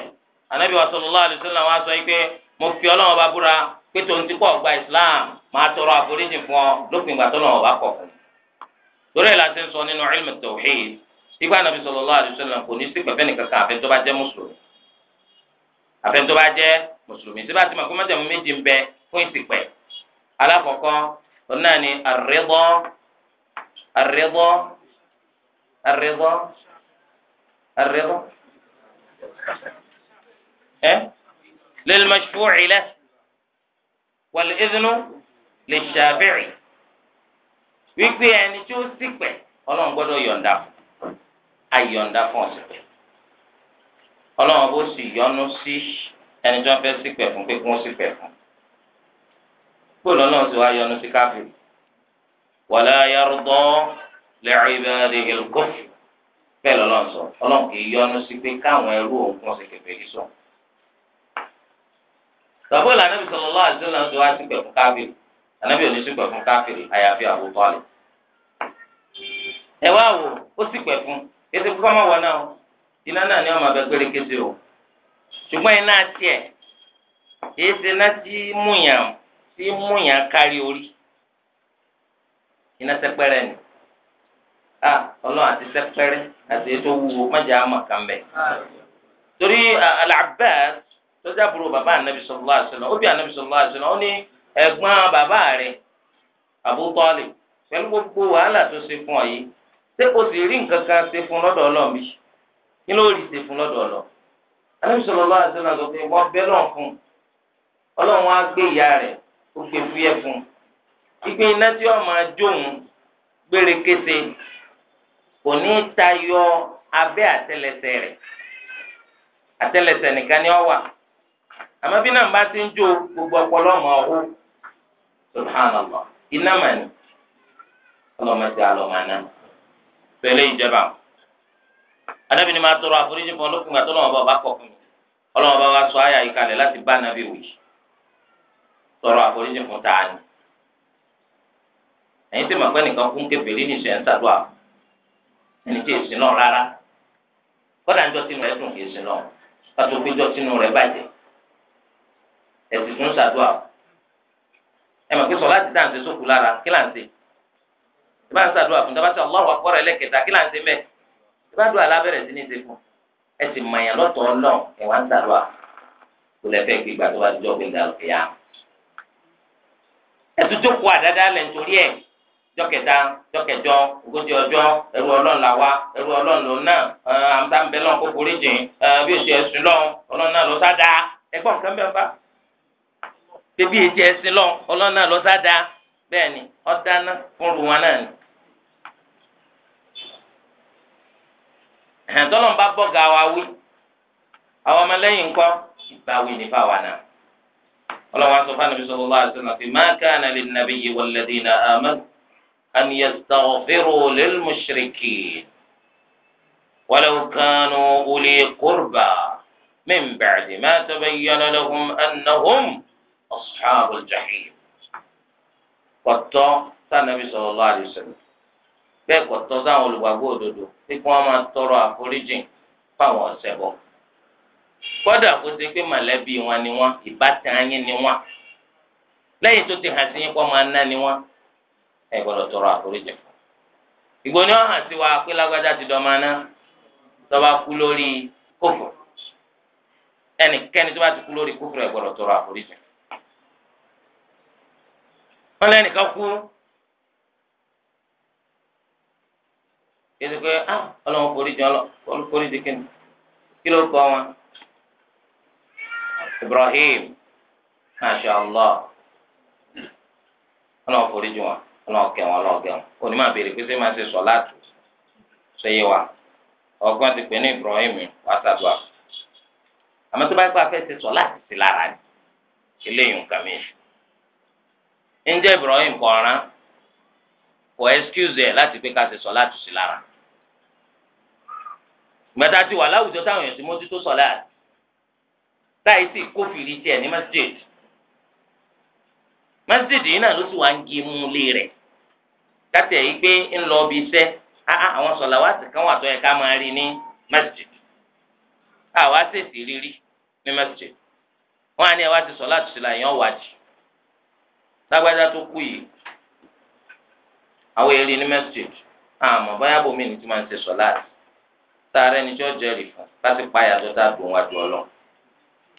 anabi wa sallallahu alaihi wasallam wa sọ pé mo fi Ọlọ́run bá búra pé tòun ti kọ́ ọgbà Islam máa tọrọ àforíjì fún ọ lópin ìgbà tọ́lọ́run bá kọ̀ fún torí ẹ̀ la ti ń sọ nínú ilmu tawhid ìgbà anabi sallallahu alaihi wasallam kò ní sí pẹ̀fẹ́ nìkan kan àfẹ́ tó bá jẹ́ mùsùlùmí àfẹ́ tó bá jẹ́ mùsùlùmí síbá ti mọ̀ kó méjì ń bẹ fún ìsìpẹ̀ alákọ̀ọ́kọ́ ọ̀nà الرضا الرضا إيه؟ للمشفوع له والإذن للشافع wípé ẹni tí ó sì pẹ Ọlọ́run gbọ́dọ̀ yọ̀ǹda fún àyọ̀ǹda fún ọsẹ pẹ Ọlọ́run bó sì yọ́nú sí ẹni tí wọ́n fẹ́ sì pẹ fún pé kí wọ́n pẹ fún gbọ́dọ̀ Ọlọ́run sì wá yọ́nú sí káfíìn wàlá yarudọ لعباده الكفر bẹ́ẹ̀ lọ́lọ́ sọ ọlọ́run kì í yọnu sí pé káwọn ẹrú òun kún sí kẹfẹ́ yìí sọ. bàbá ìlànà bí sọlọ́lá àti ìlànà tó wá sí pẹ̀ fún káfíìrì ànábì ò ní sí pẹ̀ fún káfíìrì àyàfi Abu Talib. ẹ wá wò ó sì pẹ̀ fún ètò ìfúnpá máa wọ náà o iná náà ni wọn máa bẹ gbére kété o ṣùgbọ́n iná tiẹ̀ èyí ti iná tí múyàn tí múyàn kárí orí iná tẹ́pẹ́rẹ́ nìyí a ọlọ́run àti sẹ́pẹ́rẹ́ àti ètò wúwo mẹ́jẹ àmà kan bẹ̀. torí Al-Abbas tọ́jà búrò bàbá anabi sallallahu alaihi wasallam ó bí anabi sallallahu alaihi wasallam ó ní ẹ̀gbọ́n bàbá rẹ̀ Abu Talib pẹ̀lú gbogbo wàhálà tó ṣe fún ọ yìí ṣé o sì rí nǹkan kan ṣe fún lọ́dọ̀ ọlọ́run bí kí ló rí ṣe fún lọ́dọ̀ ọlọ́run anabi sallallahu alaihi wasallam sọ pé wọ́n bẹ́ lọ́n fún ọlọ́run á gbé ìyá rẹ̀ ó gbé fúyẹ́ fún ìpín iná tí ó máa gbére kése kò ní tayọ abẹ àtẹlẹsẹ̀ rẹ̀ àtẹlẹsẹ̀ nìkan ni ọ wà àmọ́ bí náà bá ti ń jó gbogbo ọpọlọ mọ ọhún subhanallah iná mà ní ọlọmọdé alọmọdé pẹ̀lẹ́ ìjẹba adábìnrin máa tọrọ àforíjì fún tó lọ́wọ́ bá fún mi ọlọ́wọ́ bá sọ àyà láti bá nàbí wì tọrọ àforíjì fún ẹ̀yin tí màá pẹ́ nìkan ní ẹni tí èsì náà rárá kọ́dà ń jọ sínú rẹ̀ dùn kì í sin náà pàtó pé jọ sínú rẹ̀ bàjẹ́ ẹ̀sìn tún ṣàdúrà ẹ mọ̀ pé sọ láti dáhùn sí sókù lára kí là ń ṣe ìbá ń ṣàdúrà fún dábàá sí ọlọ́run akọ́rọ̀ ẹlẹ́kẹta kí là ń ṣe mẹ́ ìbá dùn alábẹ́rẹ̀ sí ní ṣe fún ẹ sì mọ̀yàn lọ́tọ̀ ọlọ́run ẹ̀ wá ń ṣàdúrà kò lẹ́fẹ́ gbígbà tó bá jọ gbẹ̀dà jọ́kẹta jọ́kẹjọ ogójì ọjọ́ ẹrú ọlọ́run là wá ẹrú ọlọ́run lòun náà àmúta ń bẹ lọ́n kó forí jìn bí oṣù ẹ̀sùn lọ́n ọlọ́run náà lọ sá dáa ẹgbọ́n nǹkan bẹ́ẹ̀ bá bébí ètí ẹ̀sìn lọ́n ọlọ́run náà lọ sá dáa bẹ́ẹ̀ ni ọ dáná fún ru wọn náà ni. ẹ̀hìn tọ́lọ́n bá bọ́ ga wa wí àwọn ọmọlẹ́yìn ńkọ́ ìbáwí ní fáwa náà ọlọ́run wa sọ fún àná أن يستغفروا للمشركين ولو كانوا أولي قربى من بعد ما تبين لهم أنهم أصحاب الجحيم قطع النبي صلى الله عليه وسلم bẹ́ẹ̀ kò sáwọn olùgbàgbọ́ òdodo tí wọ́n máa tọrọ àforíjìn fáwọn ọ̀sẹ̀ bọ̀. kódà kó ṣe pé mọ̀lẹ́bí wọn ni wọ́n ìbátan yín ni wọ́n lẹ́yìn tó ti hàn sí yín pọ́ máa ná ni wọ́n ẹ gbọ́dọ̀ tọrọ àforíjì fún ìgbò ni wọn hàn sí wa pé lágbájá ti dọmọ aná tọba kú lórí kófò ẹnikẹ́ni tó bá ti kú lórí kófò ẹ gbọ́dọ̀ tọrọ àforíjì wọn lẹnìkan kú yẹtù pé ah ọlọ́run foríjì ọlọ́run foríjì kìnnì kí ló kọ wọn Ibrahim masha Allah ọlọ́run foríjì wọn ọlọ́ọ̀kẹ́ wọn ọlọ́ọ̀kẹ́ wọn òní máa béèrè pé ṣé máa ṣe sọ láàtù ṣéyé wa ọgbọ́n ti pè ní Ibrahim wàtàdùà àmọ́ tó bá yẹ kó a fẹ́ ṣe sọ láti sí lára ni eléyìí nǹkan mi ń jẹ́ Ibrahim kọ̀ ọ̀ràn kò excuse ẹ̀ láti pé ká ṣe sọ láti sí lára gbẹ̀dá ti wà láwùjọ táwọn èèyàn ti mójútó sọ láti táyì sì kófìrí tiẹ̀ ní masjid masjid yìí náà ló sì wá ń gé mú lé rẹ̀ kátẹ̀ yìí pé ń lọ bí iṣẹ́ àwọn sọ̀làwátì kan wà tó yẹ ká máa rí ní masjid àwa ṣèṣì rírí ní masjid wọn á ní ẹ wá ti sọ láti ṣe làyàn wájì lágbájá tó kú yìí àwọn èrè ní masjid àmọ́ báyà bomi ni tí máa ń ṣe sọ láti sáré ni tí ó jẹ́rìí fún láti payà tó dá dùn wájú ọlọ́run.